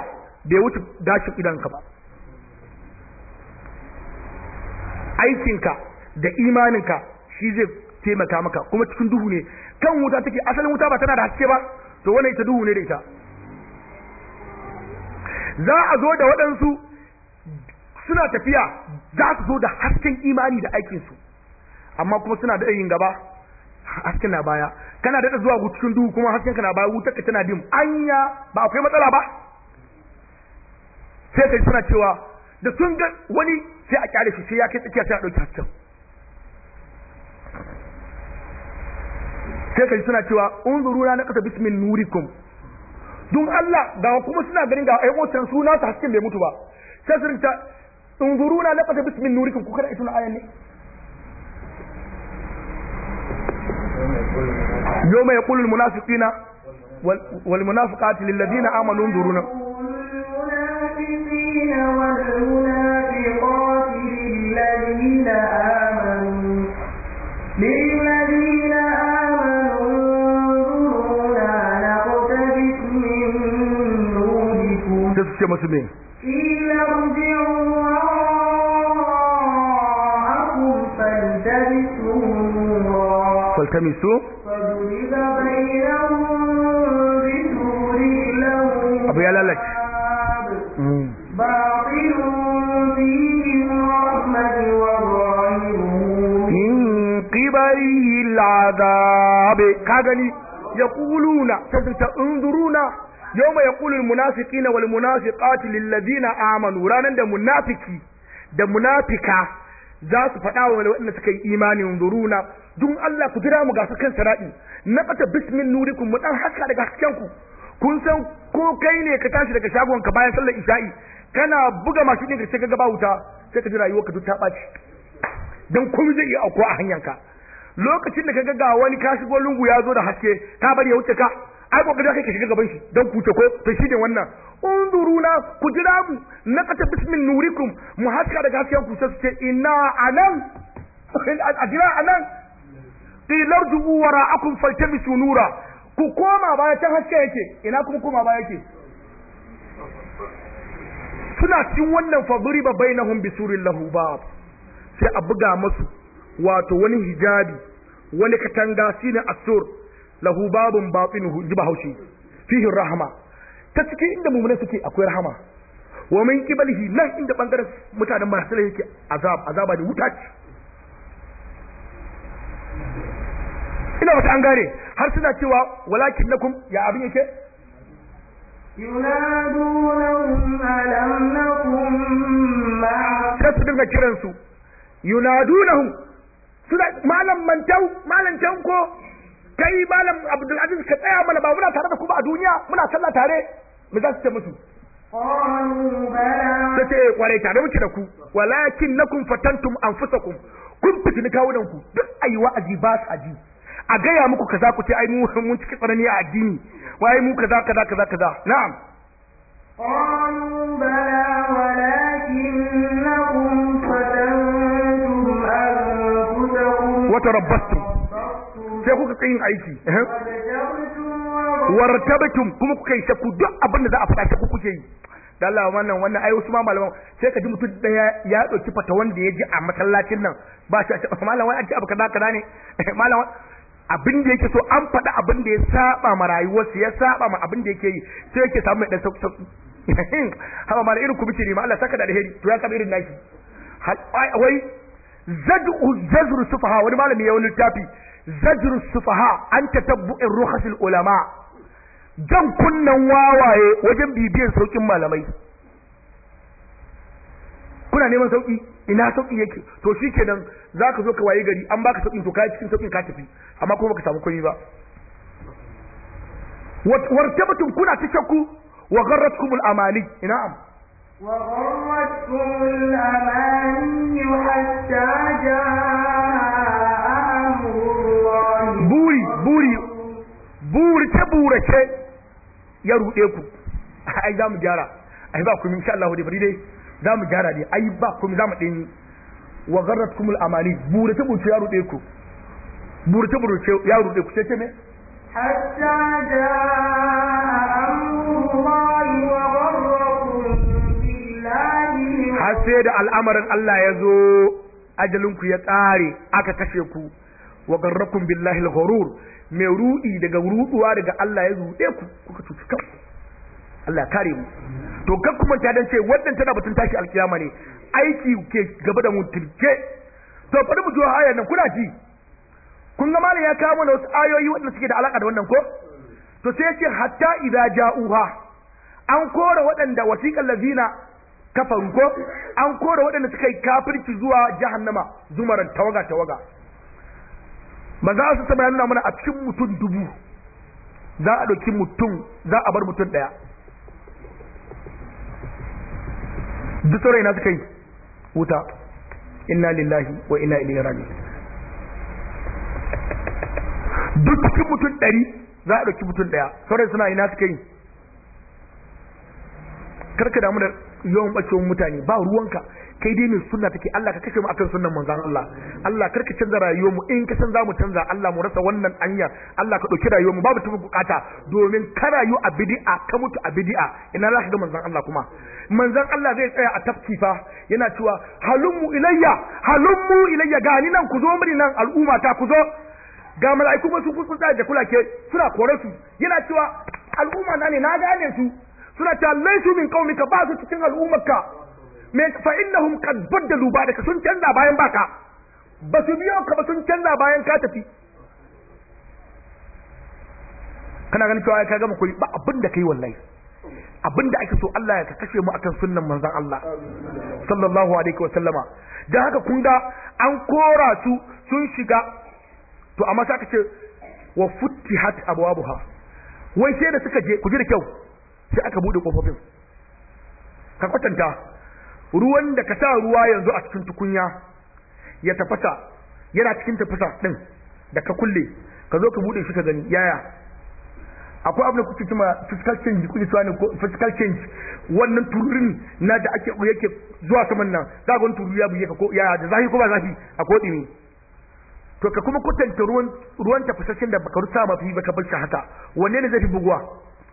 bai wuce dashin idanka ba aikinka da imaninka shi zai taimaka maka kuma cikin duhu ne kan wuta take asalin wuta ba tana da haske ba to wannan ita duhu ne da ita za a zo da waɗansu suna tafiya za su zo da hasken imani da aikinsu amma kuma suna da yin gaba hasken na baya kana da zuwa cikin duhu kuma hasken ka na baya wutar ka tana dim anya ba akwai matsala ba sai kai suna cewa da sun ga wani sai a kyale shi sai ya kai tsakiya sai a ɗauki hasken sai kai suna cewa unzuru na kasa bismin nurikum dun Allah ga kuma suna ganin ga ai wancan suna ta hasken bai mutu ba sai su rinta unzuru na kasa bismin nurikum ku kada ituna ayan ne yawma yaqulu munafiqina wal munafiqati lil ladina amanu unzuruna والمنافقين والمنافقات للذين آمنوا للذين آمنوا انظرونا نقتبس من نوركم قيل ارجعوا وراءكم فالتمسوا نورا فالتمسوا فضرب بينهم بسور له أبو يا لالك العذاب كاغني يقولون تنظرون يوم يقول المنافقين والمنافقات للذين آمنوا رانا da munafiki da منافقة za su faɗa wa waɗanda suka yi imani yanzuruna dun Allah ku jira mu ga kan sara'i na kata bismin nurikum mu dan haska daga hasken ku kun san ko kai ne ka tashi daga shagon ka bayan sallar isha'i kana buga masu ɗin ka sai ka ga ba wuta sai ka ji rayuwar ka duk baci dan komai zai iya auko a hanyar ka lokacin da kaga ga wani ka shigo lungu ya zo da haske ka bari ya wuce ka ai kokari kaje ka shiga gaban shi dan ku ko to shi ne wannan unzuruna ku jira mu na kata bismin nurikum mu haska daga hasken ku sai ce inna anan ajira anan qilar jubu wara'akum faltamisu nura ku koma baya can haske yake ina kuma koma baya yake suna cin wannan fadriba bainahum bisurillahu bab sai a buga masu wato wani hijabi wani katanga shine asur lahu babun batinuhu ji bahaushi fihi rahma ta cikin inda mumune suke akwai rahama wa min kibalihi nan inda bangaren mutanen masu yake azab azaba da wuta ce ina wata an gane har suna cewa walakin lakum ya abin yake yunadunahum alam nakum ma'a kasu dinga kiransu yunadunahum malam mantau malam tanko kai malam abdul aziz ka tsaya mana ba muna tare da ku ba a duniya muna sallah tare mu za su ce musu ta ce kwarai tare muke da ku walakin nakum fatantum anfusakum kun fitini kawunan ku duk ayi wa'azi ba su aji a gaya muku kaza ku ce ai mu [LAUGHS] mun ciki tsanani a addini wai mu kaza kaza kaza kaza na'am qalu bala wata rabbastu sai kuka kayin aiki wartabtum kuma kuka yi shakku duk abin da za a fada shakku kuke yi da Allah wannan wannan ai wasu ma malaman sai ka ji mutum daya ya dauki fata wanda ya ji a masallacin nan ba shi malam wai an ji abu kaza kaza ne malaman abin da yake so an faɗa abin da ya saba ma rayuwarsa ya saba ma abin da yake yi sai yake samu mai dan sauki sauki [LAUGHS] haba malam irin ku bice ne ma Allah saka da alheri to ya saba irin naki wai zajru sufaha wani malami ya wani littafi zajru sufaha an ta tatabbu'in ruhasil ulama jan kunnan wawaye wajen bibiyar saukin malamai kuna neman sauki ina sauki yake to shikenan zaka zo ka waye gari an baka sauki to kai cikin saukin ka tafi amma kuma baka samu komai ba wartabatun kuna ta shakku wa gharratkumul amani ina am وغرتهم الأماني حتى جاء أمر الله بوري بوري بوري تبوري شيء يا رؤيكم ai za mu gyara ai ba kuma insha Allah dai bari dai za mu gyara dai ai ba kuma za mu din wa garratkumul amani burata burce ya rude ku burata burce ya rude ku sai ce me hatta da har sai da al'amarin Allah ya zo ajalinku ya ƙare aka kashe ku wa garrakum billahi al-ghurur mai ruɗi daga ruduwa daga Allah ya zuɗe ku kuka tuci kan Allah ya kare mu to kan kuma ta dan ce wannan tana batun tashi alkiyama ne aiki ke gaba da mu tirke to bari mu zo ayar nan kuna ji kun ga malam ya kawo mana wasu ayoyi waɗanda suke da alaka da wannan ko to sai ce hatta idza ja'uha an kora waɗanda wasiqal ladina kafaru ko an kora waɗanda suka yi kafirci zuwa jahannama zumaran tawaga tawaga maza su saba yana mana a cikin mutum dubu za a ɗauki mutum za a bar mutum ɗaya duk sauran ina suka yi wuta inna lillahi wa inna ilaihi raji'un duk cikin mutum ɗari za a ɗauki mutum ɗaya sauran suna yana suka yi karka damu da yawan bacewar mutane ba ruwanka kai dai mai sunna take Allah ka kashe mu akan sunnan manzon Allah Allah karka canza rayuwar mu in ka san zamu canza Allah mu rasa wannan anya Allah ka dauki rayuwar mu babu tafi bukata domin ka rayu a bid'a ka mutu a bid'a ina za ka ga manzon Allah kuma Manzan Allah zai tsaya a tafkifa yana cewa halummu ilayya halummu ilayya gani nan ku zo mini nan al'umma ta ku zo ga mala'iku masu kusa da kula ke suna kore su yana cewa al'umma na ne na gane su suna ta laisu min kaunika ba su cikin al'ummarka me fa innahum qad baddalu ba'daka sun canza bayan baka ba su biyo ka ba sun canza bayan ka tafi kana ganin cewa ka gama koyi ba abin da kai wallahi abin da ake so Allah ya ka kashe mu akan sunnan manzon Allah sallallahu alaihi wa sallama dan haka kun ga an kora su sun shiga to amma sai ka ce wa futtihat abwabuha wai sai da suka je ku ji da kyau sai aka bude kofofin ka kwatanta ruwan da ka sa ruwa yanzu a cikin tukunya ya tafasa yana cikin tafasa din da ka kulle ka zo ka bude shi ka gani yaya akwai abin da kuke cewa fiscal change kuke cewa ne fiscal change wannan tururin na da ake yake zuwa saman nan za ga tururi ya buye ka ko yaya da zafi ko ba zafi akwai dimi to ka kuma kwatanta ruwan ruwan tafasashin da baka rusa ba fi baka bar shi haka wanne ne zai fi buguwa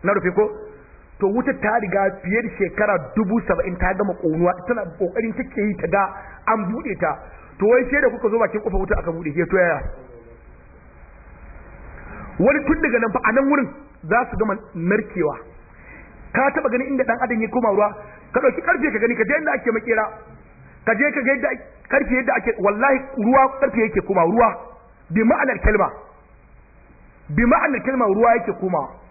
na rufe ko to wuta ta riga fiye da shekara dubu saba'in ta gama ƙonuwa tana ƙoƙarin take yi ta ga an buɗe ta to wai sai da kuka zo bakin ƙofar wuta aka buɗe ke to yaya wani tun daga nan fa a nan wurin za su gama narkewa ka taɓa ganin inda ɗan adam ya koma ruwa ka ɗauki ƙarfe ka gani ka je inda ake makera ka je ka ga yadda ƙarfe yadda ake wallahi ruwa ƙarfe yake koma ruwa bi ma'anar kalma bi ma'anar kalma ruwa yake komawa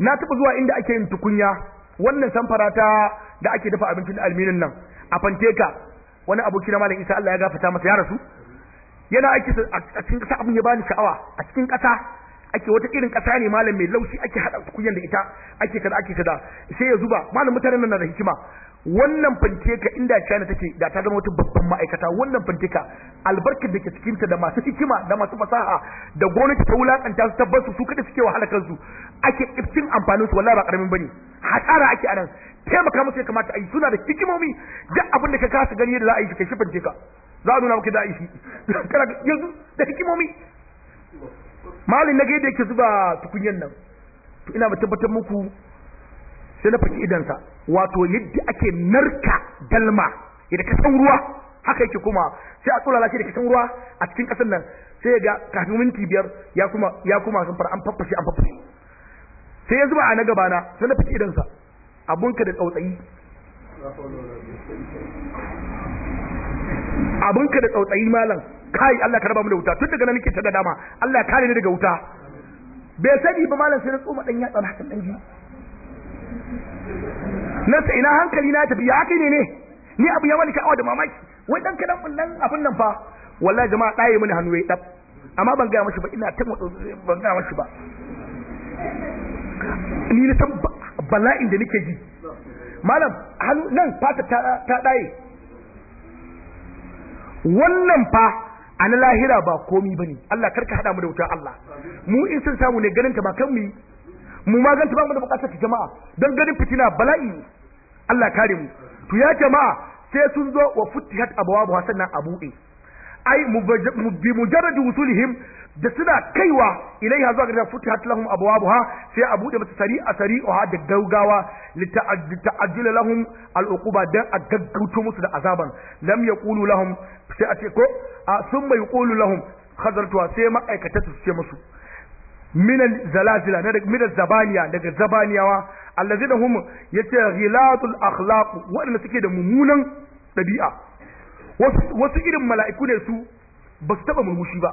na taɓa zuwa inda ake yin tukunya wannan samfara ta da ake dafa abincin alminin nan a fanteka wani aboki na malam isa Allah ya gafata masa ya rasu yana aiki a cikin ƙasa abin ya bani sha'awa a cikin kasa ake wata irin ƙasa ne malam mai laushi ake haɗa tukunyan da ita ake kada ake kada sai ya zuba malam mutanen nan na da hikima wannan ka inda China take da ta zama wata babban ma'aikata wannan ka albarka da ke cikin ta da masu hikima da masu fasaha da gwamnati ta wulakanta su tabbasu su kada suke wahala kansu ake kiftin amfanin su wallahi ba karamin bane hasara ake nan taimaka musu ya kamata ayi suna da hikimomi duk abin da ka kasa gani da za a yi kai shi ka za a nuna maka da a yi shi [LAUGHS] kana yanzu da hikimomi malin na gaida yake zuba tukunyan nan to ina ba tabbatar muku sai na faki idansa wato yadda ake narka dalma idan ka san ruwa haka yake kuma sai a tsulala shi da ka san ruwa a cikin ƙasar nan sai ga kafin minti biyar ya kuma ya kuma sun fara an fafashi an fafashi sai ya zuba a na gaba na sai na fiti abun ka da tsautsayi ka da tsautsayi malam kai Allah ka raba mu da wuta tun daga nan nake ta da dama Allah ya kare ni daga wuta bai sani ba malam sai na tsoma dan yatsa na hakan dan ji nan sa ina hankali na tafi ya haka ne ne ni abu ya wani awa da mamaki wai dan kadan bullan abun nan fa wallahi jama'a ɗaye mini hannu yayi dab amma ban gaya mashi ba ina ta ban gaya mashi ba ni na san bala'in da nake ji malam hannu nan fata ta daye wannan fa a na lahira ba komi ba ne Allah karka hada mu da wutar Allah mu in sun samu ne ganin ta ba kan mu mu maganta ba mu da bukatar jama'a don ganin fitina bala'i Allah kare mu to ya jama'a sai sun zo wa futihat abwabu sannan abu'i ai bi mujarrad wusulihim da suna kaiwa ilaiha zuwa ga futihat lahum abwabuha sai a bude mata sari'a sari'uha da gaugawa lita'ajjil lahum al'uquba dan a gaggauto musu da azaban lam yaqulu lahum sai a ce ko summa yaqulu lahum hadartuwa sai ma'aikata su ce musu min zalazila min zabaniya daga zabaniyawa allazina hum yace ghilatul akhlaq wanda suke da mummunan dabi'a wasu irin mala'iku ne su basu su taba murmushi ba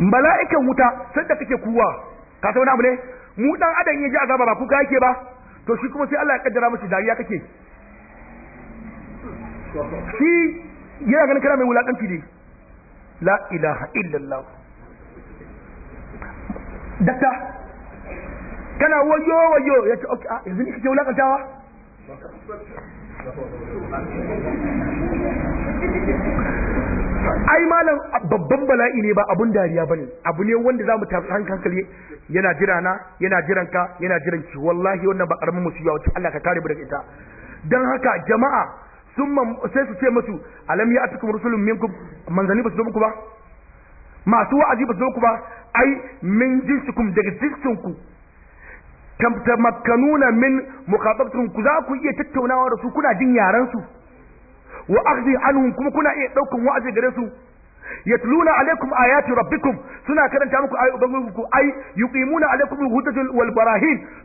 mala'ikan wuta sai da kake kuwa ka san wani abu mu dan adam ya ji azaba ba kuka yake ba to shi kuma sai Allah ya kaddara mashi dariya kake shi yana ganin kana mai wulakanci ne la ilaha illallah dakta kana wajo wajo ya ce ok ah, yanzu ni kake wulakantawa ai malam babban bala'i ne ba abun dariya bane abu ne wanda zamu tafi hankali yana jira na yana jiran ka yana jiran ki wallahi wannan ba karamin musiba wacce Allah ka kare mu daga ita dan haka jama'a sun sai su ce musu alam ya atikum rusulun minkum manzani ba su zo muku ba masu wa'azi ba su zo muku ba ai min jinsikum daga jinsinku tamakkanuna min muqatabatikum ku za ku iya tattaunawa da su kuna jin yaran su wa akhdhi anhum kuma kuna iya daukan wa'azi gare su yatluna alaikum ayati rabbikum suna karanta muku ayi ubangijinku ai yuqimuna alaikum hujjatul wal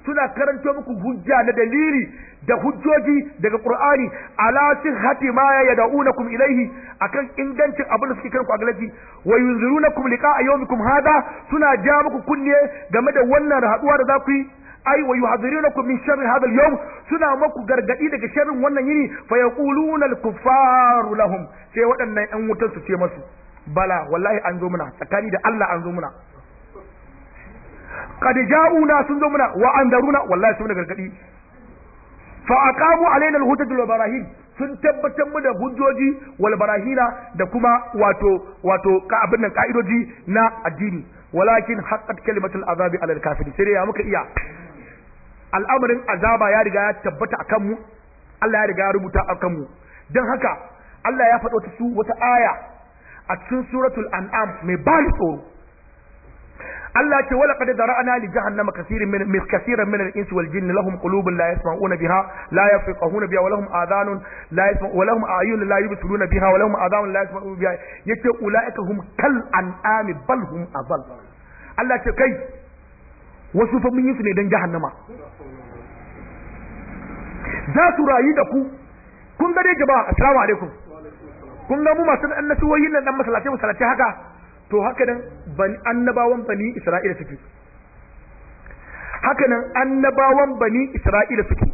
suna karanta muku hujja na dalili da hujjoji daga qur'ani ala sihhati ma yad'unakum ilayhi akan ingancin abin da suke kanku a galaji wa yunzirunakum liqa'a yawmikum hada suna ja muku kunne game da wannan haduwa da za ku yi ai wa yuhadhirunakum min sharri hadha al-yawm suna maku gargadi daga sharrin wannan yini fa yaquluna al-kuffaru lahum sai waɗannan ƴan wutar su ce masu bala wallahi an zo muna tsakani da Allah an zo muna qad ja'una sun zo muna wa andaruna wallahi sun gargadi fa aqamu alaina alhudud wal barahin sun tabbatar mu da hujjoji wal barahina da kuma wato wato ka abin nan ka'idoji na addini walakin haqqat kalimatul azabi alal kafirin sai ya muka iya al'amarin azaba ya riga ya tabbata akan mu Allah ya riga ya rubuta akan mu dan haka Allah ya faɗo ta su wata aya a cikin suratul an'am mai ba bari tsoro Allah ce wala qad zara'na li jahannama kaseeran min kaseeran min al-insi wal jinni lahum qulubun la yasma'una biha la yafqahuna biha wa lahum adhanun la yasma'u wa lahum a'yunun la yubsiruna biha wa lahum adhanun la yasma'u biha yace ulaika hum kal an'ami bal hum adall Allah ce kai wasu fa mun yi su ne dan jahannama za su rayu da ku kun ga dai jama'a assalamu alaikum kun ga mu masu annatuwoyin nan dan masallaci masallaci haka to haka nan bani annabawan bani Isra'ila suke haka nan annabawan bani Isra'ila suke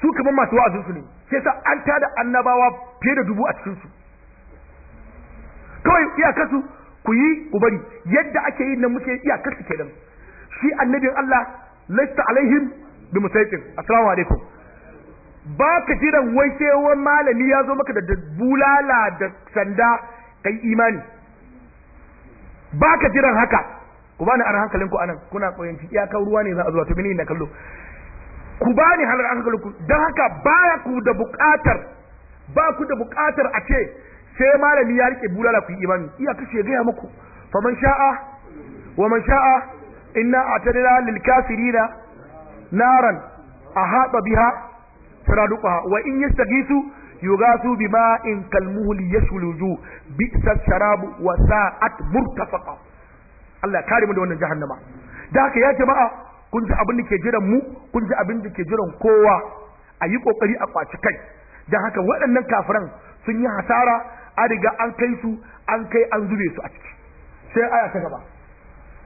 su kuma masu wa'azin su ne sai sa an tada annabawa fiye da dubu a cikinsu? su kawai iyakar su ku yi ku bari yadda ake yi nan muke iyakarsu su kenan shi annabin Allah laista alaihim bi musaitin assalamu alaikum ba ka jiran wai sai wani malami ya zo maka da bulala da sanda kai imani ba ka jiran haka ku bani an hankalin ku anan kuna koyanci iyakan ruwa ne za a zuwa to mini na kallo ku bani halar hankalin ku haka baya ku da buƙatar ba ku da buƙatar a ce sai malami ya rike bulala ku yi imani iya ga gaya muku man sha'a wa man sha'a inna atadila lil kafirina naran ahata biha siraduqa wa in yastaghithu yughathu bima'in kalmuhli yashluju bi'sa sharabu wa sa'at murtafaqa Allah kare mu da wannan jahannama da haka ya jama'a kun ji abin da ke jiran mu kun ji abin da ke jiran kowa a yi kokari a kwaci kai dan haka waɗannan kafiran sun yi hasara a riga an kai su an kai an zube su a ciki sai aya ta gaba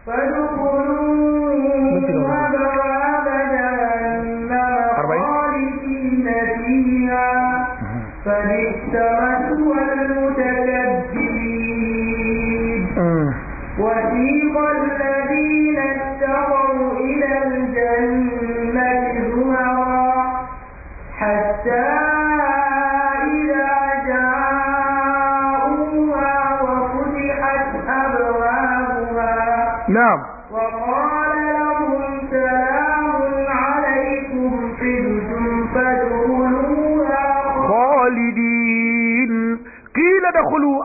فادخلوا فبئس مثوى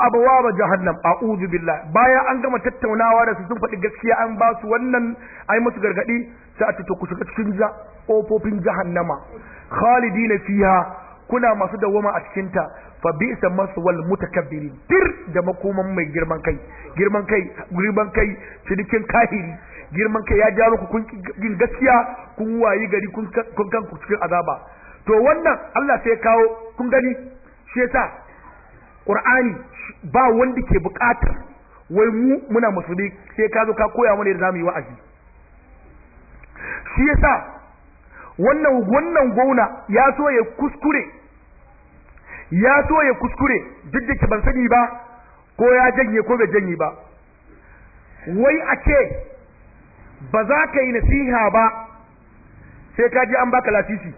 abwaba jahannam a'udhu billah bayan an gama tattaunawa da su sun faɗi gaskiya an ba su wannan ai musu gargadi sai a tuto ku shiga cikin kofofin jahannama khalidina fiha kuna masu dawoma a cikin ta fa bi'sa maswal mutakabbirin dir da makoman mai girman kai girman kai girman kai cikin kahiri girman kai ya ja muku kun gaskiya kun wayi gari kun kan ku cikin azaba to wannan Allah sai kawo kun gani shi yasa Qur'ani ba wanda ke bukatar wai mu muna musulmi sai ka zo ka koya mana yadda zamu yi wa'azi shi yasa wannan wannan gona ya so ya kuskure ya so ya kuskure duk da ban sani ba ko ya janye ko bai janye ba wai a ce ba za ka yi nasiha ba sai ka ji an baka lasisi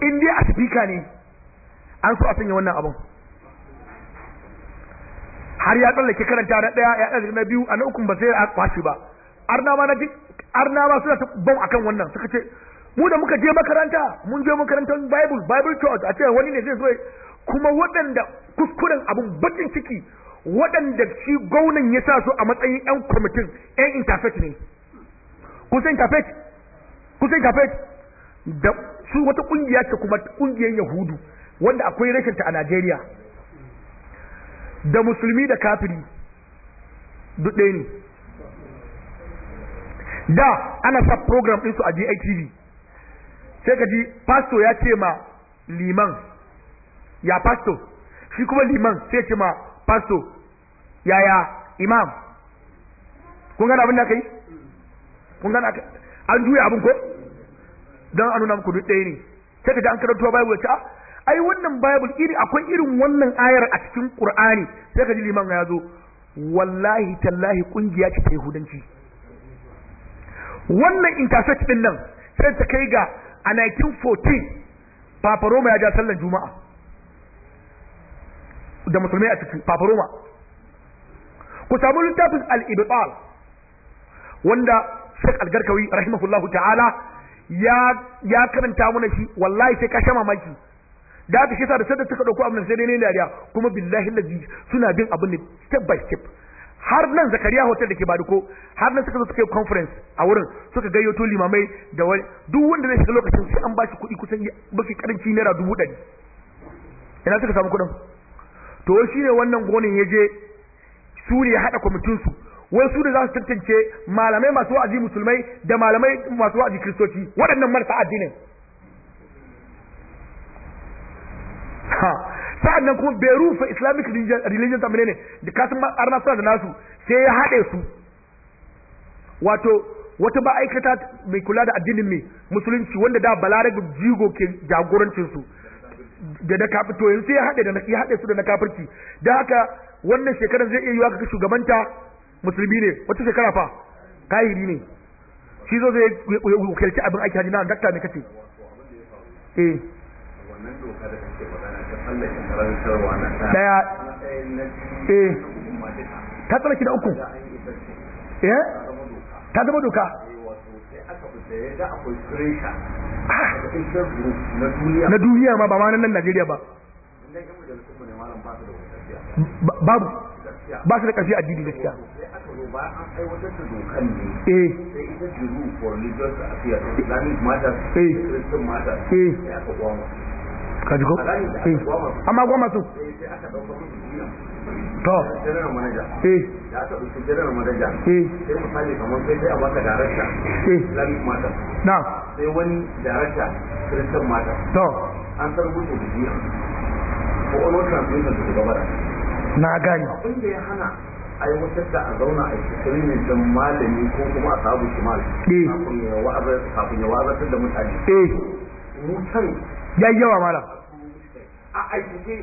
in dai a ne an so a sanya wannan abin. har ya tsallake karanta na ɗaya ya tsallake na biyu a na ukun ba sai a kwashi ba arna na arna suna ta ban akan wannan suka ce mu da muka je makaranta mun je makarantar bible bible church a ce wani ne zai zo kuma waɗanda kuskuren abun bakin ciki waɗanda shi gwamnan ya sa su a matsayin yan kwamitin yan intafet ne kusan interfaith kusan da su wata ƙungiya ce kuma ƙungiyar yahudu wanda akwai rashinta a Najeriya da musulmi da kafiri duk ne da ana sa program ɗinsu a GITV sai ka ji pasto ya ce ma liman ya pasto shi kuma liman sai ce ma pasto yaya imam kun gana abin da aka yi kun gana an juya abin ko don anunan nuna muku duk ɗaya ne sai ka ji an karanto bible a ai wannan bible iri akwai irin wannan ayar a cikin qur'ani sai ka ji liman ya zo wallahi tallahi kungiya ce ta yahudanci wannan intercept din nan sai ta kai ga a 1914 Papa Roma ya ja sallar Juma'a da musulmai a cikin Papa Roma ku samu littafin al-Ibtal wanda al-garkawi rahimahullahu ta'ala ya ya karanta mana shi wallahi sai ka sha mamaki da haka shi sa da sadda suka dauko abin sai dai ne dariya kuma billahi lazi suna bin abin ne step by step har nan zakariya hotel da ke baduko har nan suka zo suka yi conference a wurin suka gayyato limamai da wani duk wanda zai shiga lokacin sai an ba shi kuɗi kusan mafi karanci naira dubu ɗari ina suka samu kuɗin to shi ne wannan gonin ya je su ne ya haɗa kwamitinsu wai su da za su tantance malamai masu wa'azi musulmai da malamai masu wa'azi kiristoci waɗannan marasa addinin ha sa'annan kuma bai rufe Islamic religion ta ne da kasan arna suna da nasu sai ya haɗe su wato wata ma'aikata mai kula da addinin mai musulunci wanda da da jigo ke jagorancin su da na kafito yanzu ya haɗe ya haɗe su da na kafirci da haka wannan shekarar zai iya yiwa ka shugabanta musulmi ne wata shekara fa kayiri ne shi zo zai wakilci abin aiki hajji na dakta ne kace eh daya eh ta tsara ki da uku eh ta zama doka eh, ah. na duniya ma ba ma nan Najeriya ba babu ba su da ƙarfi addini gaskiya eh eh ka ko eh. eh amma goma su to general manager eh, eh. a eh. na da ya a yi wutar a zauna a cikin malami ko kuma a sabu ya wa'azar da mutane eh mutan yayyawa malam a aikace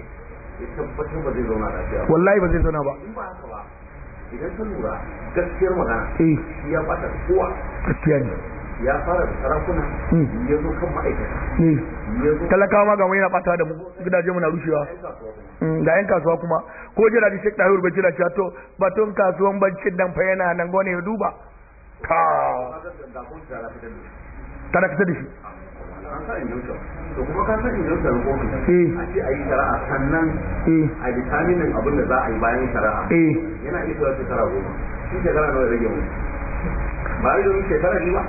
ya tabbatar ba wallahi ba zai zauna ba idan ka lura eh. ya fara da sarakuna hmm. ya zo kan ma'aikata hmm. talakawa ma gama yana bata da gidaje muna rushewa hmm, ga yan kasuwa kuma ko jira da shek tahir bai jira shi to batun kasuwan bancin dan fa yana nan gone ya duba ta da shi an sa injunta to kuma ka san injunta na eh. a ce a yi shari'a sannan eh. a bitaminin abin da za a yi bayan shari'a eh. yana iya zuwa shekara goma shi shekara nawa rage mu ba a yi shekara ne ba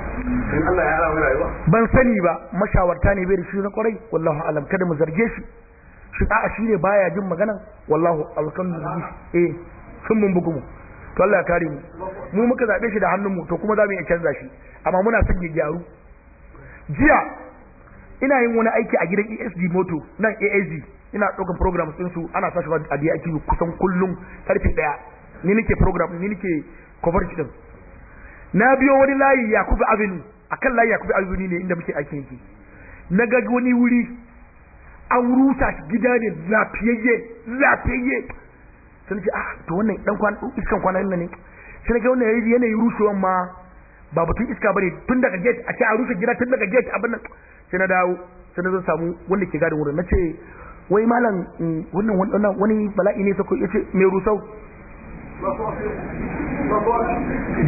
in Allah ya rawa rayuwa ban sani ba mashawarta ne bai da shi na kwarai wallahu alam kada mu zarge shi shi a'a shi ne baya jin maganan wallahu alhamdulillah eh sun mun bugu mu to Allah ya kare mu mu muka zabe shi da hannun mu to kuma za mu iya canza shi amma muna son ya gyaru jiya ina yin wani aiki a gidan ESD moto nan AAG ina ɗaukar program sun su ana sashi a DIQ kusan kullum karfe ɗaya ni nake program ni nake coverage din na biyo wani layi Yakubu Avenue akan layi Yakubu Avenue ne inda muke aikin yake na ga wani wuri an rusa shi gida ne lafiyayye lafiyayye sai nake ah to wannan dan kwana iskan kwana nan ne sai nake wannan yanayin rushewan ma ba batun iska bane tun daga gate a ce a rushe gida tun daga gate abin nan sai na dawo sai na zo samu wanda ke gadin wurin ce wai malam mm, wannan wannan wani bala'i ne sako ce me rusau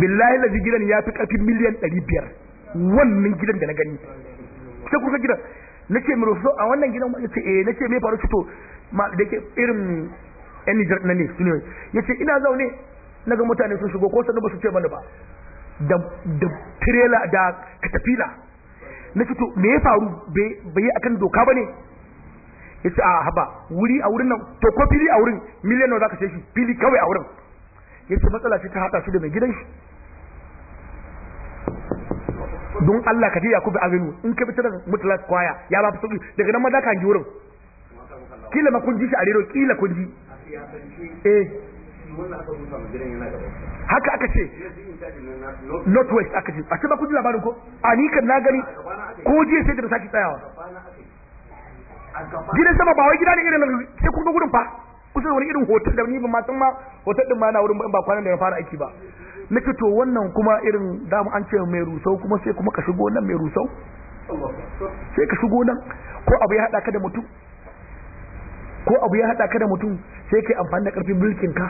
billahi da gidan ya fi karfi miliyan 500 wannan gidan da na gani sai kuka gidan nace me rusau a wannan gidan ce eh nace me faru fito ma da ke irin yan Nijar na ne sune yace ina zaune naga mutane sun shigo ko sanin ba su ce mana ba da da trailer da katafila na fito me ya faru bai yi akan doka ba ne ya ce a haba wuri a wurin nan to ko fili a wurin miliyan nawa zaka sai shi fili kawai a wurin ya ce matsala ce ta haɗa shi da mai gidan shi don Allah ka je Yakubu Avenue in ka fitar da mutala kwaya ya ba sauki daga nan ma za ka hangi wurin kila ma kun ji shi a rero kila kun ji eh haka aka ce Not west aka ce a ce ba ku ji labarin ko a ni kan na gani ko jiya sai da saki tsayawa gidan sama ba wai gida ne irin nan sai ku gudun fa kusa wani irin hotel da ni ba ma san ma hotel din ma na wurin ba kwanan da ya fara aiki ba nake to wannan kuma irin damu an ce mai rusau kuma sai kuma ka shigo nan mai rusau sai ka shigo nan ko abu ya hada ka da mutum ko abu ya hada ka da mutum sai kai amfani da karfin mulkin ka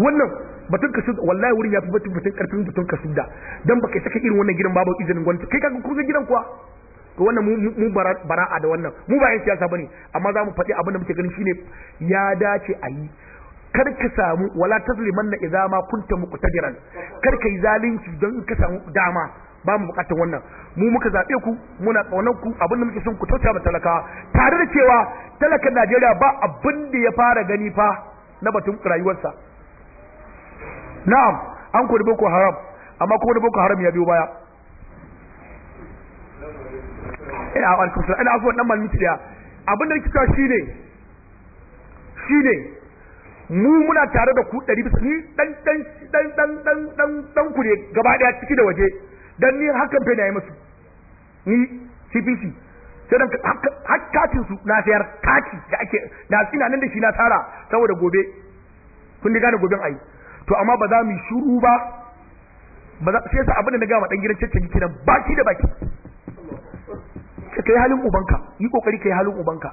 wannan batun kasu wallahi wurin ya fi batun fitin karfin batun kasu da dan baka saka irin wannan gidan babu izinin gwamnati kai kaga kun ga gidan kuwa to wannan mu bara'a da wannan mu ba yan siyasa bane amma za mu faɗi abin da muke ganin shine ya dace a yi kar ka samu wala tazliman na idza ma kunta muqtadiran kar ka yi zalunci don ka samu dama ba mu bukatar wannan mu muka zaɓe ku muna kaunar ku abin da muke son ku tauta ba talakawa tare da cewa talakan Najeriya ba abin da ya fara gani fa na batun rayuwarsa na'am an kori boko haram amma kuma da boko haram ya biyo baya ina a ina afuwan dan malmi tiya abin da kika shine ne mu muna tare da ku ɗari bisa ni ɗan ku ne gaba ɗaya ciki da waje dan ni hakan fa na yi musu ni CPC sai dan hakkatin na sayar kaci da ake na tsina nan da shi na tara saboda gobe kun gane goben ayi to amma ba za mu shuru ba ba za sai sa abin da na gama dan gidan cece gidan baki da baki ka kai halin ubanka yi kokari kai halin ubanka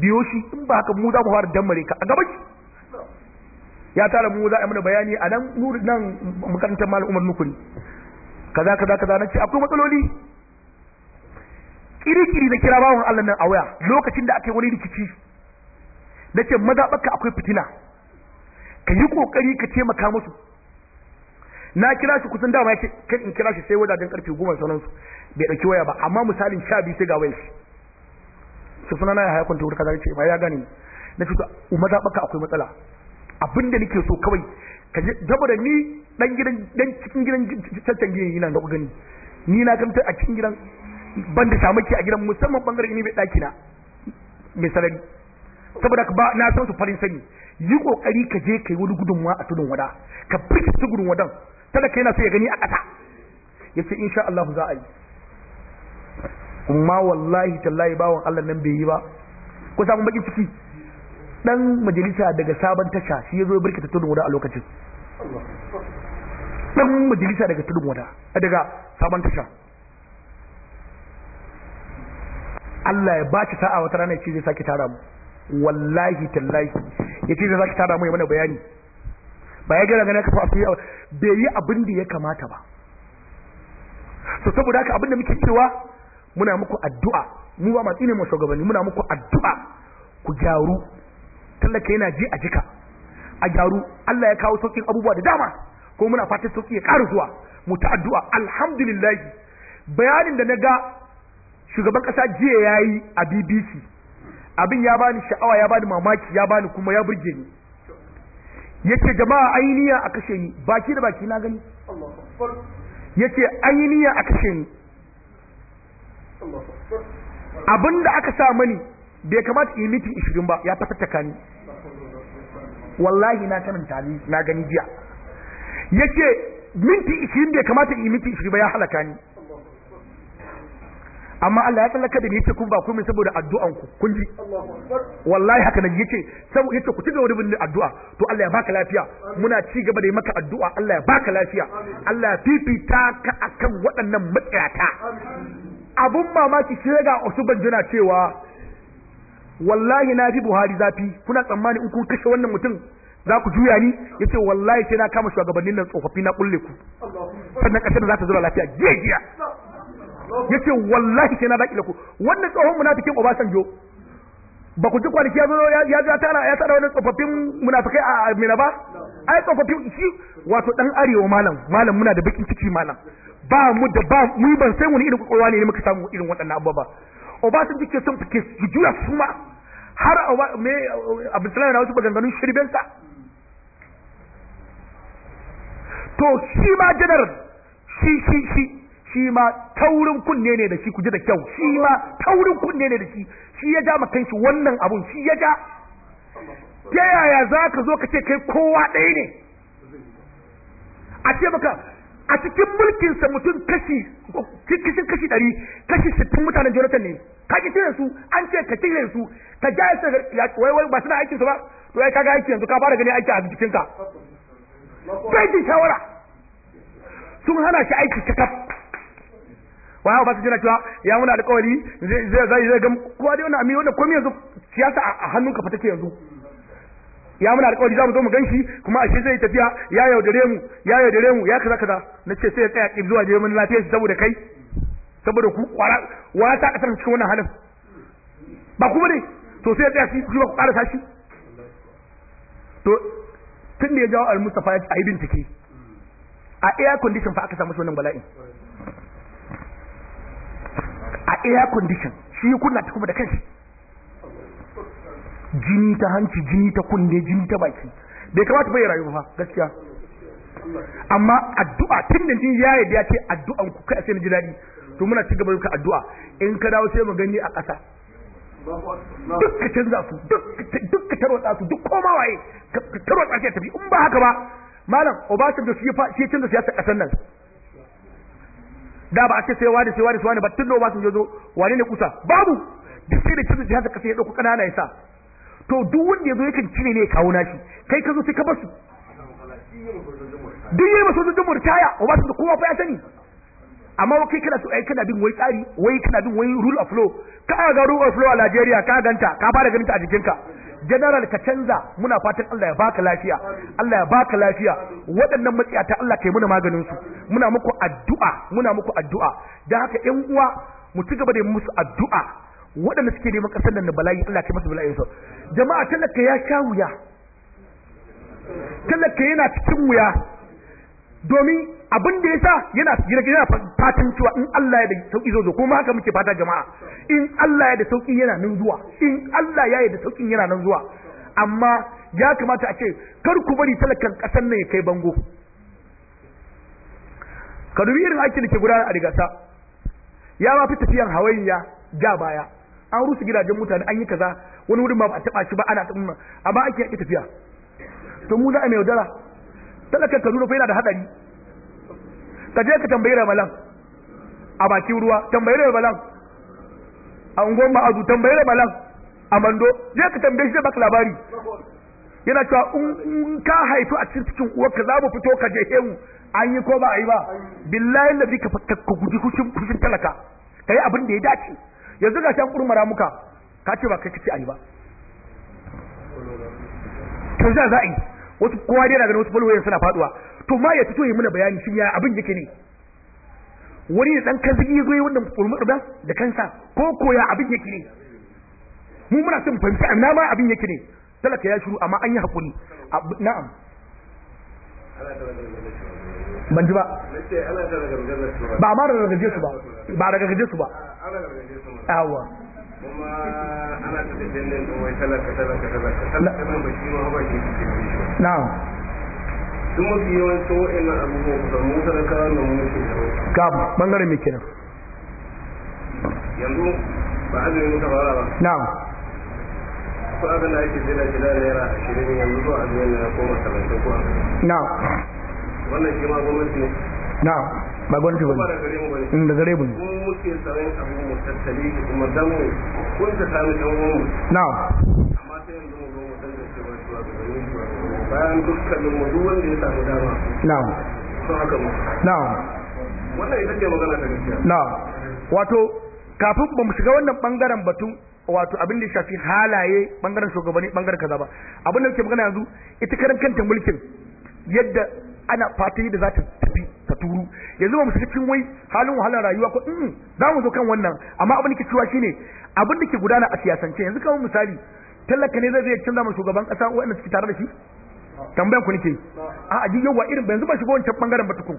biyo shi in ba haka mu za mu fara dammare ka a gaban ya tara mu za a yi mana bayani a nan nan makarantar malam Umar Nukuri kaza kaza kaza na ce akwai matsaloli kiri-kiri na kira bawan Allah nan a waya lokacin da aka yi wani rikici na ce mazaɓarka akwai fitina ka yi kokari ka taimaka musu na kira shi kusan dama ya ce kan in kira shi sai wajajen karfe goma sauransu bai ɗauki waya ba amma misalin sha biyu sai ga wayar shi su suna na ya haya kwanta wurin kaza ce ma ya gane na ce umar zaɓaka akwai matsala abin da nake so kawai ka je da ni dan gidan dan cikin gidan cancan gidan yana da gani ni na kanta a cikin gidan ban da samaki a gidan musamman bangaren ni bai ɗaki na mai sarari saboda ba na san su farin sani yi kokari ka je kai wani gudunwa a tudun wada ka fice su gudun wadan kai na so ya gani a kasa yace insha Allah za a yi amma wallahi tallahi bawon Allah nan bai yi ba ko samu baki ciki dan majalisa daga sabon tasha shi yazo ya ta tudun wada a lokacin dan majalisa daga tudun wada daga sabon tasha Allah ya ba ki sa'a wata rana ya ce zai sake tara mu wallahi tallahi ya ce da za ki tada mai mana bayani ba ya gara gana kafa a bai yi abin da ya kamata ba so saboda haka abin da muke cewa muna muku addu'a mu ba matsi ne mu shugabanni muna muku addu'a ku gyaru tallaka yana ji a jika a gyaru Allah ya kawo sauƙin abubuwa da dama ko muna fatan sauƙi ya ƙara zuwa mu ta addu'a Alhamdulillahi. bayanin da na ga shugaban ƙasa jiya yayi a BBC abin ya bani sha'awa ya bani mamaki ya bani kuma ya burge ni yace jama'a ainiya a kashe ni baki da baki na gani yace ainiya a kashe ni abinda aka sa mani bai kamata in miti 20 ba ya tafattaka ni wallahi na karanta ni na gani jiya yace minti 20 bai kamata in miti 20 ba ya halaka ni amma Allah ya tsallaka da ni yace kun ba mai saboda addu'an ku kun ji wallahi haka nan yace saboda yace ku ci gaba da bin addu'a to Allah ya baka lafiya muna ci gaba da yi maka addu'a Allah ya baka lafiya Allah ya fifita ka akan waɗannan matsayata abun mamaki sai ga wasu banjuna cewa wallahi na ji Buhari zafi kuna tsammani in kun kashe wannan mutum za ku juya ni ya ce wallahi sai na kama shugabannin nan tsofaffi na kulle ku sannan ƙasar da za ta zura lafiya jiya yace wallahi sai na da ku wannan tsohon munafikin Obasanjo ba ku ji kwanaki ya zo ya ya sada ya wani tsofaffin munafikai a Mina ba ai tsofaffin shi wato dan arewa malam malam muna da bakin ciki malam ba mu da ba mu ban sai wani irin kwakwalwa ne muka samu irin waɗannan abubuwa ba Obasanjo ke son fike su juya su ma har me Abdullahi na wasu maganganun shirbensa to shi ma janar shi shi shi shi ma taurin kunne ne da shi ku ji da kyau shi ma taurin kunne ne da shi shi ya ja ma shi wannan abun shi ya ja ta yaya za ka zo ka ce kai kowa ɗaya ne a ce maka a cikin mulkinsa mutum kashi cikin kashi ɗari kashi sittin mutanen jonathan ne ka ki cire su an ce ka cire su ka ja su wai wai ba suna su ba to ai kaga aiki yanzu ka fara gani aiki a jikinka ka? ji shawara sun hana shi aiki kaf. Wa ba su jira cewa ya muna alƙawari zai zai zai ga kowa dai wannan amiri wanda komai yanzu siyasa a hannunka fa take yanzu ya muna alƙawari za mu zo mu ganshi kuma ashe zai tafiya ya yaudare mu ya yaudare mu ya kaza kaza na ce sai ya tsaya ƙib zuwa neman lafiyar shi saboda kai saboda ku kwara wa ta kasar cikin wannan halin ba kuma ne to sai ya tsaya shi kuma ku ƙara sashi to tun da ya jawo al-mustafa ya ci a yi bincike a air condition fa aka samu shi wannan bala'in air condition shi kunna ta kuma da kanshi jini ta hanci jini ta kunne jini ta baki bai kamata bai rayuwa ba gaskiya amma addu'a tun da jin ya yadda ya ce addu'an ku kai a sai na ji daɗi to muna ci gaba da addu'a in ka dawo sai mu gani a ƙasa duk ka canza su duk ka tarwatsa su duk koma waye ka tarwatsa su ya tafi in ba haka ba malam obasanjo shi ya canza siyasar ƙasar nan da ba a ce sai wani sai wani sai wani ba tun da Obasanjo zo wani ne kusa babu duk sai da cin jihar kasa ya dauko kanana ya sa to duk wanda ya zo yakan cire ne ya kawo nashi kai ka zo sai ka bar su duk yayi masu ba su da kowa fa ya sani amma kai kana so ai kana bin wai tsari wai kana bin wai rule of law ka ga rule of law a Najeriya ka ganta ka fara ganin ta a jikinka general ka canza muna fatan Allah ya baka lafiya Allah ya baka lafiya waɗannan matsiyata Allah kai muna maganin su muna muku addu'a muna muku addu'a dan haka ƴan uwa mu ci gaba da musu addu'a waɗanda suke neman ƙasar nan bala'i Allah kai musu bala'in su jama'a talaka ya sha wuya talaka yana cikin wuya domin abin da yasa yana yana fatan cewa in Allah ya da sauki zo kuma haka muke fata jama'a in Allah ya da sauki yana nan zuwa in Allah ya yi da saukin yana nan zuwa amma ya kamata a ce kar ku bari talakan kasan nan ya kai bango ka dubi irin aikin da ke gudana a rigasa ya ma fi tafiyan hawaiya ja baya an rusa gidajen mutane an yi kaza wani wurin ba a taba shi ba ana tsamma amma ake yake tafiya to mu za mai yaudara talakan kaduna fa yana da hadari ka je ka tambayi ramalan a bakin ruwa tambayi ramalan a unguwar ma'azu tambayi ramalan a mando je ka tambayi shi zai baka labari yana cewa in ka haifi a cikin cikin uwarka za mu fito ka je hewu an yi ko ba a yi ba billahi da zika ka guji fushin fushin talaka ka yi abin da ya dace yanzu ga shan kurmara muka ka ce ba kai kace a yi ba to za za a yi wasu kowa dai na ganin wasu balwayen suna faduwa to ma ya fito yi muna bayani shi ya abin yake ne wani ne dan kazigi ya goyi wanda kurmuɗa da kansa ko koya abin yake ne mu muna son fahimci amma ma abin yake ne talaka ya shiru amma an yi haƙuri na'am ban ji ba ba ma daga gaje su ba ba daga gaje su ba awa da talaka talaka ba shi na'am Sun mafi yawancin wa'annan abubuwan da mu talakawa ne mu ke ga bangaren me kenan yanzu ba azumi muka fara ba na'am ko abin da ake jira jira naira ashirin yanzu zuwa azumin na koma talatin ko na'am wannan shi ma gwamnati ne na'am ba gwamnati bane da mm, gare mu ne mu muke tsaron abu mu tattali kuma dan mu kun ta sami dan mu na'am amma sai yanzu mu zo mu shi ba shi ba bayan dukkanin mu wanda ya samu dama na'am sun haka mu na'am wannan ita ce magana ta gaskiya na'am wato kafin ba mu shiga wannan bangaren batun wato abin da shafi halaye bangaren shugabanni bangaren kaza ba abin da muke magana yanzu ita karan kanta mulkin yadda ana fata da za ta tafi ta turu yanzu ba mu shiga cikin wai halin wahalar rayuwa ko in za mu zo kan wannan amma abin da ke cewa shine abin da ke gudana a siyasance yanzu kamar misali tallaka ne zai zai canza ma shugaban kasa wanda suke tare da shi tambayan ku nake a a yawa irin yanzu ba shigo wancan bangaren ba tukun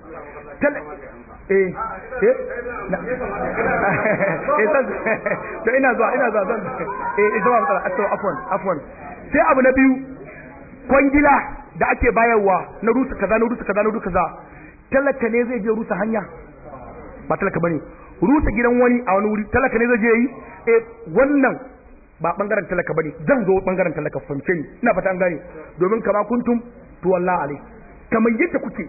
eh, eh, [LAUGHS] eh, [LAUGHS] to ina zuwa ina zuwa to sai abu na biyu kwangila da ake bayarwa na rusa kaza na rusa kaza na rusa kaza talaka ne zai je rusa hanya ba talaka bane rusa gidan wani a wani wuri talaka ne zai je yi wannan ba bangaren talaka bane zan zo bangaren talaka fahimce ni ina fata an gane domin kama kuntum to wallahi alai kamar yadda kuke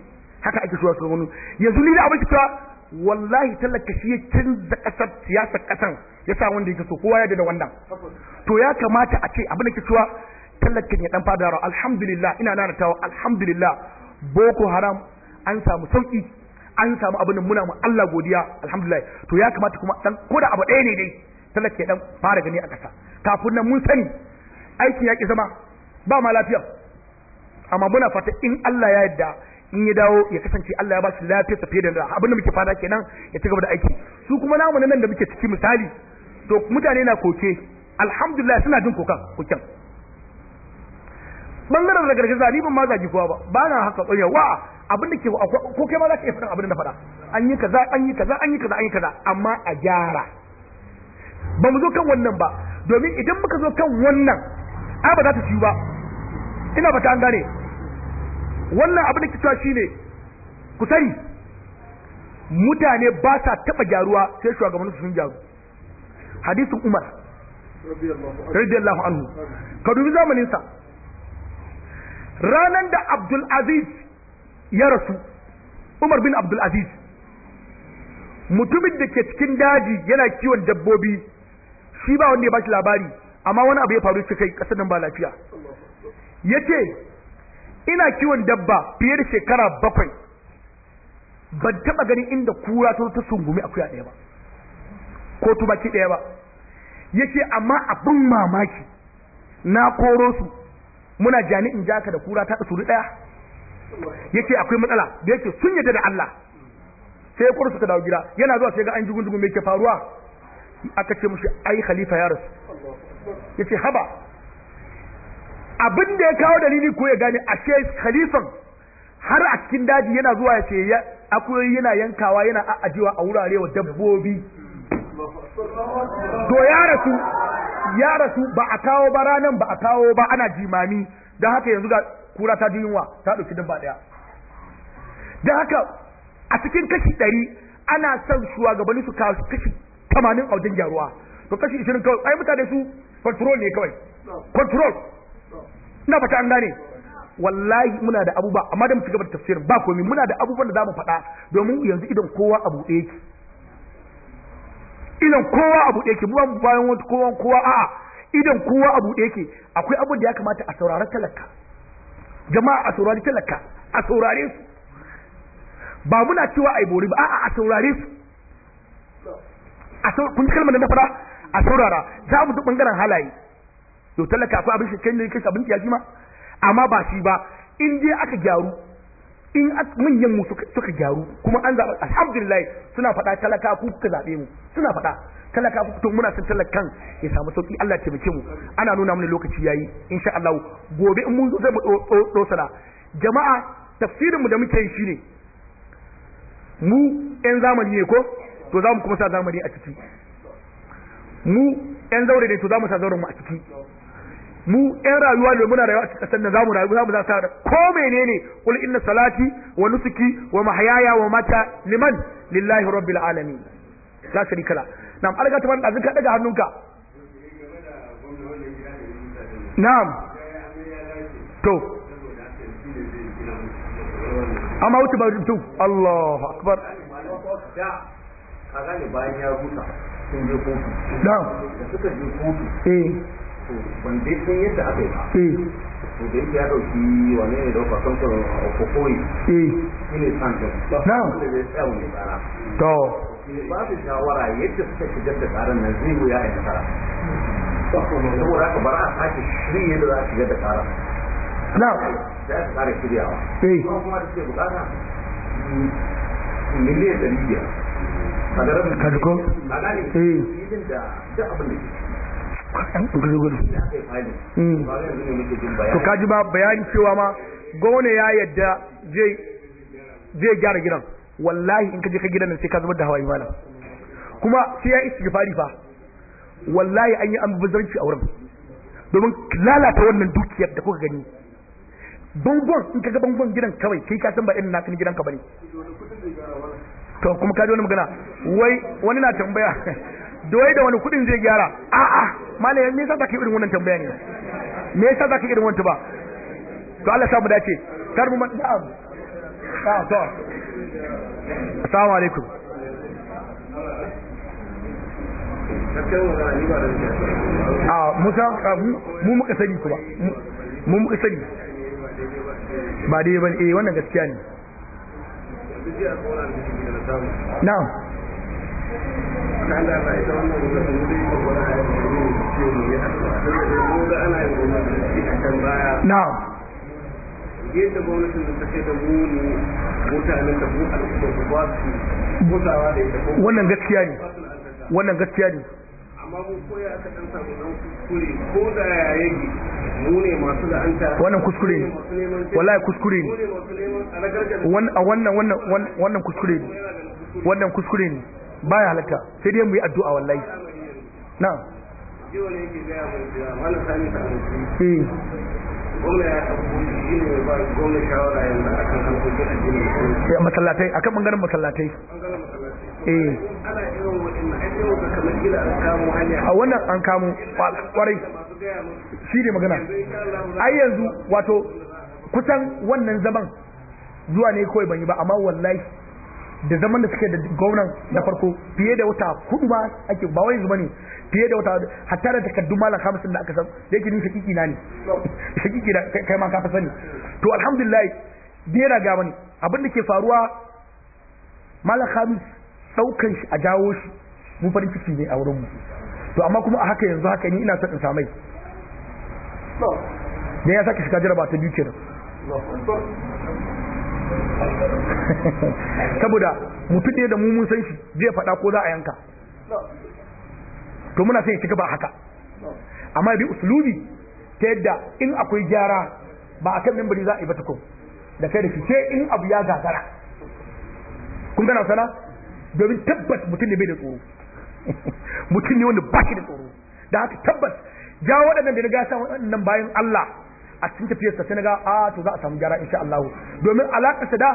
haka ake shuwa shugabanni yanzu ni da abin cewa wallahi talaka shi ya canza kasar siyasar kasan ya sa wanda yake so kowa ya da wannan to ya kamata a ce abin da ke cewa talakin ya dan fadara alhamdulillah ina tawo alhamdulillah boko haram an samu sauki an samu abin muna mu Allah godiya alhamdulillah to ya kamata kuma dan koda abu ɗaya ne dai talaka ya dan fara gani a kasa kafin nan mun sani aikin ya ki zama ba ma lafiya amma muna fata in Allah ya yarda in ya dawo ya kasance Allah ya ba shi lafiya fiye da abin da muke fata kenan ya ci gaba da aiki su kuma namu nan da muke ciki misali to mutane na koke alhamdulillah suna jin kokan koken bangaren da gargaza ni ban ma zagi ba ba na haka kwanya wa abin da ke ko kai ma za ka iya faɗin abin da faɗa an yi kaza an yi kaza an yi kaza an yi kaza amma a gyara ba mu zo kan wannan ba domin idan muka zo kan wannan a ba za ta ciyu ba ina ba ta an gane wannan abin da kitwa shine ku sani mutane ba sa taba gyaruwa sai shugabannin sun gyaru hadisin Umar radiyallahu anhu ka dubi zamanin sa ranan da Abdul Aziz ya rasu Umar bin Abdul Aziz mutumin da ke cikin daji yana kiwon dabbobi shi ba wanda ya bashi labari amma wani abu ya faru ce kai kasar nan ba lafiya yace ina kiwon dabba fiye da shekara bakwai ban taba ganin inda kura ta ta sungumi akuya daya ba ko tubaki daya ba yace amma abin mamaki na koro su muna jani in jaka da kura ta ɗaya? daya yace akwai matsala da ce sun yadda da Allah sai ya koro suka dawo gida yana zuwa sai ga an jigun jigun me ke faruwa aka ce mushi ai khalifa ya rasu yace haba abin da ya kawo dalili ko ya gane a ashe khalifan har a cikin daji yana zuwa ya ce akuyoyi yana yankawa yana a'ajewa a wurare wa dabbobi to ya rasu ya rasu ba a kawo ba ranan ba a kawo ba ana jimami don haka yanzu ga kura ta ji yunwa ta ɗauki dabba ɗaya don haka a cikin kashi ɗari ana son shugabanni su kashi tamanin a wajen gyaruwa to kashi ishirin kawai ai mutane su control ne kawai control ina fata an gane wallahi muna da abubuwa amma da mu ci gaba da tafsirin ba komai muna da abubuwan da zamu faɗa domin yanzu idan kowa a buɗe yake idan kowa a ɗaya yake ba bayan wata kowa kowa a'a idan kowa a buɗe yake akwai abin da ya kamata a saurari talaka jama'a a saurari talaka a saurare su ba muna cewa ai bori ba a'a a saurare su a sau kun kalmar da na fara a saurara za mu duk bangaren halaye to talaka akwai abin shekai ne kai abin kiyaki ma amma ba shi ba in dai aka gyaru in manyan mu suka gyaru kuma an zaɓa alhamdulillah suna faɗa talaka ku kuka zaɓe mu suna faɗa talaka ku to muna son talakan ya samu sauki Allah ya taimake mu ana nuna mana lokaci yayi insha Allah gobe in mun zo sai mu dosala jama'a tafsirin mu da muke yi shine mu 'yan zamani ne ko to za mu kuma sa zamani a ciki mu yan zaure ne to za mu sa zauren mu a ciki mu yan rayuwa ne muna rayuwa a cikin kasar nan zamu rayu zamu za ta ko menene qul inna salati wa nusuki wa mahayaya wa mata liman lillahi rabbil alamin la sharika la na'am alga ta banda zaka daga hannunka na'am to amma wuce ba rubutu Allahu akbar a gane bayan ya rusa sun je kotu da suka je kotu eh ban dai sun yadda aka yi ba eh. to da yake ya dauki wane ne da kwasan ko kokoi eh shine sanjin da zai tsaya wani tsara to ba su shawara yadda suka shigar da tsarin nan zai wuya a tsara. saboda haka bara a sake shirye da za a shigar da tsarin na za a tsara shiryawa eh. kuma kuma da suke bukata mm, miliyan ɗari ka ji eh. to kaji ba bayani cewa ma gone ya yadda zai gyara gidan wallahi in ka ka gidan nan sai ka zubar da hawaye malam kuma sai ya istighfari fa wallahi an yi ambazanci a wurin domin lalata wannan dukiyar da kuka gani bangon in ka ga bangon gidan kawai kai ka san ba irin na gidan ka bane to kuma ka ji wani magana wai wani na tambaya [LAUGHS] wai da wani kudin zai gyara a'a malam me yasa zaka irin wannan tambaya ne me yasa zaka irin wannan ba to Allah sa mu dace kar mu na'am ta ah, to assalamu alaikum a ah, musa ah, mu muka sani kuma mu muka sani ba dai ban eh wannan gaskiya ne نعم نعم wannan gaskiya ne wannan gaskiya ne amma kuskure ko da ya ne masu wannan kuskure ne kuskure ne wannan kuskure ne wannan kuskure ne baya halatta sai dai mu yi addu'a wallahi eh. na. Eh, masallatai akan bangaren masallatai Eh. a wannan an kamo kwarai shi ne magana ai yanzu wato kusan wannan zaman zuwa ne kawai ban yi ba amma wallahi da zaman da suke da gwamnan na farko fiye da wata hudu ba ake ba wai zuba ne fiye da wata hatta da takardu malam hamsin da aka san da yake ni shakiki na ne shakiki da kai ma ka fa sani to alhamdulillah dera na ga bane abin da ke faruwa malam hamsin ɗaukan shi a jawo shi mun farin ciki ne a wurin mu to amma kuma a haka yanzu haka ni ina son in samai ne ya saki shiga jaraba ta biyu kenan [LAUGHS] saboda mutum ne da mu mun san shi zai faɗa ko za a yanka to muna sai ya shiga ba haka amma bi uslubi ta yadda in akwai gyara ba a kan membari za a yi ba da kai da shi sai in abu ya gagara kun gana sana domin tabbas mutum ne bai da tsoro [LAUGHS] mutum ne wanda ba da tsoro da haka tabbas ja waɗannan da riga sa waɗannan bayan Allah a cikin sa sai na ga a ah, to za a samu gyara insha Allah domin sa da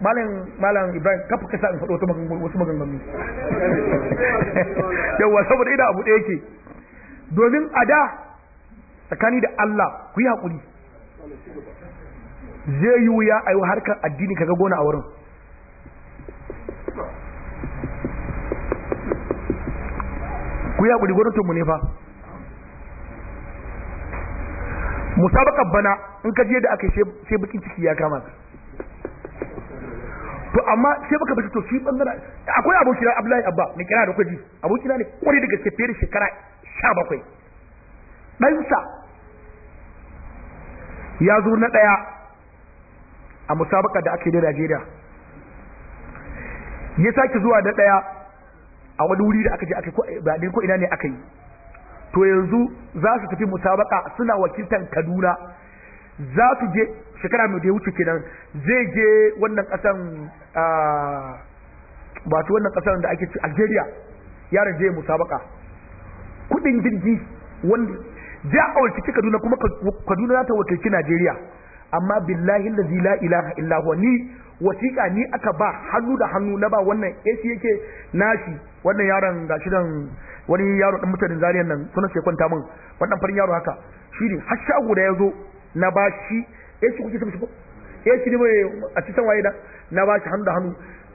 malam malam Ibrahim fuka sa in faɗo wasu maganganu [LAUGHS] yawa saboda ina abu ɗaya yake domin a da tsakani da Allah ku yi hakuri. zai yi wuya a yi harkar addini kaga gona a wurin ku yi haƙuri gwamnatinmu ne fa bana in ka je da aka yi sai bakin ciki ya kama to amma sai baka bashi to shi bangara akwai abokina Abdullahi Abba mai kira da kwaji abokina ne kwarai daga gaske fiye da shekara bakwai. ɗansa ya zo na ɗaya a musabaka da ake da Najeriya ya sake zuwa da ɗaya a wani wuri da aka je aka yi ko ina ne aka yi to yanzu za su tafi musabaka suna wakiltan kaduna za su je shekara mai da ya wuce kenan zai je wannan kasan ba wannan kasan da ake ci algeria yaron je musabaka kudin jirgi wanda je a wakilci kaduna kuma kaduna za ta wakilci najeriya amma billahi lazi la ilaha illa ni wasiƙa ni aka ba hannu da hannu na ba wannan AC yake nashi wannan yaron ga shi nan wani yaro dan mutanen zariyan nan suna sai kwanta min wannan farin yaro haka shi ne har shago da yazo na ba shi AC kuke tafi ko AC ne mai a cikin waye da na ba shi hannu da hannu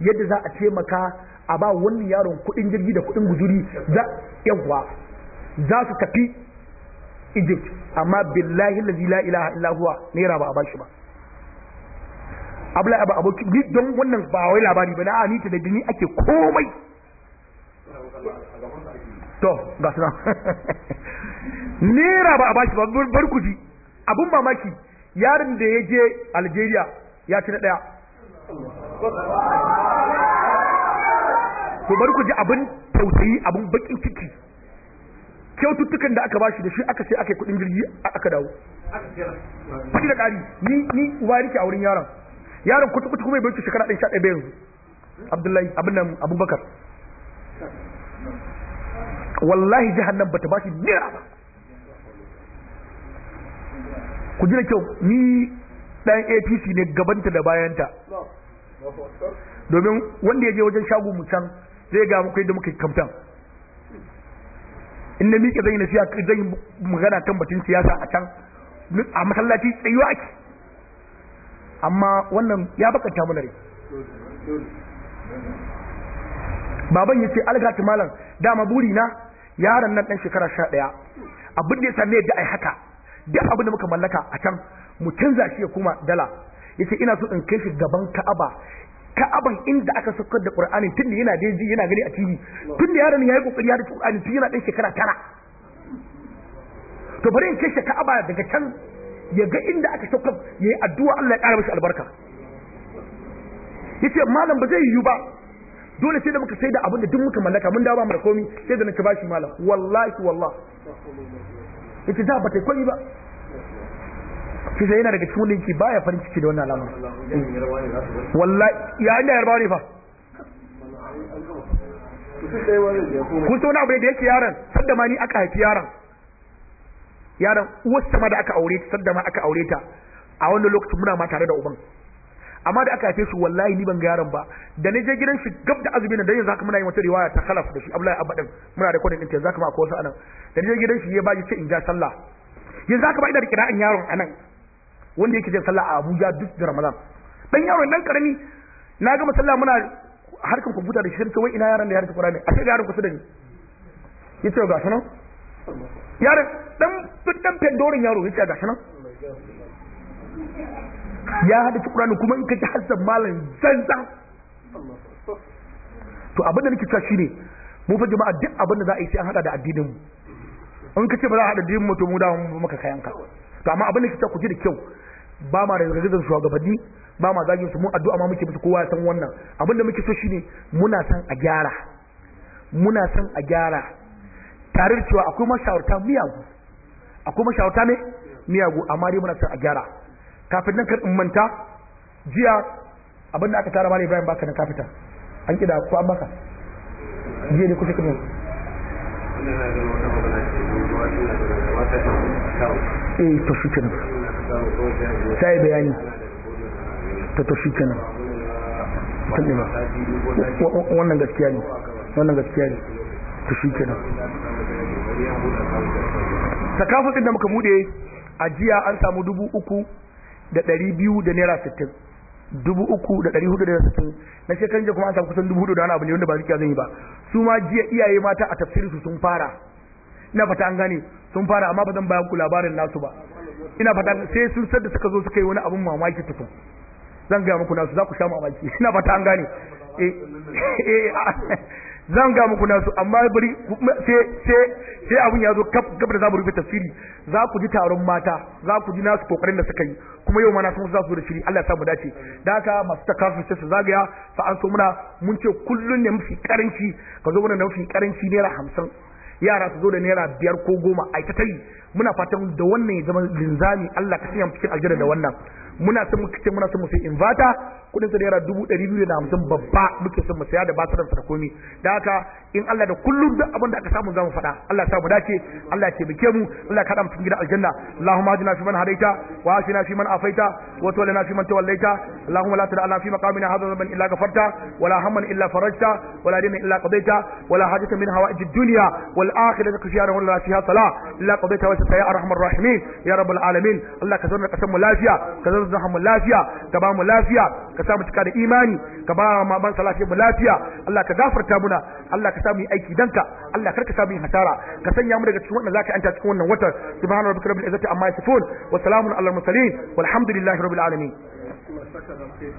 yadda za a taimaka a ba wannan yaron kuɗin jirgi da kuɗin guduri za yawa za su tafi Egypt amma billahi la ilaha illa huwa naira ba a ba shi ba abla abu aboki ni don wannan ba wai labari ba na a nita da ni ake komai to ga suna [LAUGHS] nera ba a bashi ba bar kuji. ji abun mamaki yarin da ya je Algeria ya ci na daya to bar kuji abin tausayi abin bakin ciki kyaututtukan da aka bashi da shi aka sai aka yi kudin jirgi aka dawo. Fadi da ƙari, ni uba rike a wurin yaron, yaron kutu kuma bai wuce shekara ɗin sha ɗaya bai yanzu abdullahi abin nan abubakar wallahi jahannan bata bashi nera ba ku ji da kyau ni dan apc ne gabanta da bayanta domin wanda ya je wajen shago mu can zai ga da yadda muka kamtan inda miƙe zai siya zai magana kan batun siyasa a can a masallaci tsayuwa ake amma wannan ya bakanta mana rai baban ya ce algati malam dama na yaron nan dan shekara sha ɗaya abin da ya same da ai haka duk abin da muka mallaka a can mu canza shi ya kuma dala ya ce ina so in kai shi gaban ka'aba ka'aban inda aka saukar da ƙur'ani da yana da yana gani a tv tunda yaron ya yi kokari ya rufe qur'ani tun yana ɗan shekara tara to bari in kai shi ka'aba daga can ya ga inda aka saukar ya yi addu'a Allah ya ƙara mashi albarka ce malam ba zai yiwu ba dole sai da muka sai da abin da duk muka mallaka mun dawo ba da komi sai da nake bashi malam wallahi wallahi ce za ba ta komi ba Ki sai yana daga cikin wanda yake baya farin ciki da wannan alama wallahi ya inda yarbawa ne fa kun wani abu da yake yaron sadda ma ni aka haifi yaron yaron uwarsa ma da aka aure ta sadda ma aka aure ta a wannan lokacin muna ma tare da uban amma da aka haife su wallahi ni ban ga yaron ba da ni je gidan shi gab da azumi na dan yanzu haka muna yin wata riwaya ta khalaf da shi Abdullahi abadan muna da kodin din yanzu haka ma akwai wasu anan da ni je gidan shi ya baji ce in ja sallah yanzu haka ba ina da kira'an yaron anan wanda yake je sallah a Abuja duk da Ramadan dan yaron dan karami na ga sallah muna harkan kwamfuta da shi sai wai ina yaron da yaron ta Qur'ani a sai yaron kusa da ni yace ga sanan yare dan dan pendorin yaro yace ga nan ya hada ki Qur'ani kuma in ka ji hazzan malam zanzan to abin da nake cewa shine mu fa jama'a duk abin da za a yi sai an hada da addinin mu in ka ce ba za a hada addinin mu to mu da mu maka kayan ka to amma abin da kike ku ji da kyau ba ma da gargazar shugabanni ba ma zagin su mun addu'a ma muke musu kowa ya san wannan abin da muke so shine muna san a gyara muna san a gyara tare da cewa akwai mashawarta miyagu akwai mashawarta ne miyagu amma dai muna son a gyara kafin nan kan manta jiya abinda aka tara malam Ibrahim baka na kafita an kida ko an baka jiya ne kusa kuma eh to shi kenan sai bayani to to shi kenan wannan gaskiya ne wannan gaskiya ne to shi kenan takafin da muka mude a jiya an samu dubu uku da ɗari biyu da naira sittin dubu uku da ɗari hudu da sittin na shekarun jiya kuma an samu kusan dubu hudu da wani abu ne wanda ba rikiya zan yi ba su ma jiya iyaye mata a tafsirinsu sun fara ina fata an gane sun fara amma ba zan bayan ku labarin nasu ba ina fata sai sun da suka zo suka yi wani abun mamaki tukun zan gaya muku nasu za ku sha mamaki ina fata an gane eh [LAUGHS] eh ah, zan ga muku nasu amma bari sai abin ya zo gaba da za rufe tafsiri za ku ji taron mata za ku ji nasu kokarin da suka yi kuma yau mana sun za su da shiri Allah ya samu dace da haka masu takafin sai su zagaya fa an so muna mun ce kullun ne mafi karanci ka zo mana da mafi karanci naira hamsin yara su zo da naira biyar ko goma a ita muna fatan da wannan ya zama linzami Allah ka sanya cikin aljanna da wannan muna son muka ce muna son mu sai kuɗin kudin sa naira dubu ɗari biyu da hamsin babba muke son mu saya da batirin sa da komi da haka in Allah da kullum duk abin da aka samu zamu faɗa Allah ya samu mu dace Allah ya taimake mu Allah ka kada mu cikin gidan aljanna Allahumma ajina fi man hadaita wa afina fi man afaita wa tawallana fi man tawallaita Allahumma la tad'alna fi maqamina hadha dhanban illa ghafarta wa la hamman illa farajta wa la dinan illa qadaita wa la hajata min hawaij ad-dunya wal akhirati khashiyana wa la fiha tala illa qadaita wa ya arhamar rahimin ya rabbal alamin Allah ka zauna kasan lafiya ka zauna warzuha mu lafiya ka ba mu lafiya ka sa mu cika da imani ka ba mu ban salafi mu lafiya Allah ka gafarta muna Allah ka sa mu yi aiki danka Allah kar ka sa mu yi hasara ka sanya mu daga cikin wannan zaka anta cikin wannan watan subhana rabbika rabbil izzati amma yasifun wa salamun alal mursalin walhamdulillahi rabbil alamin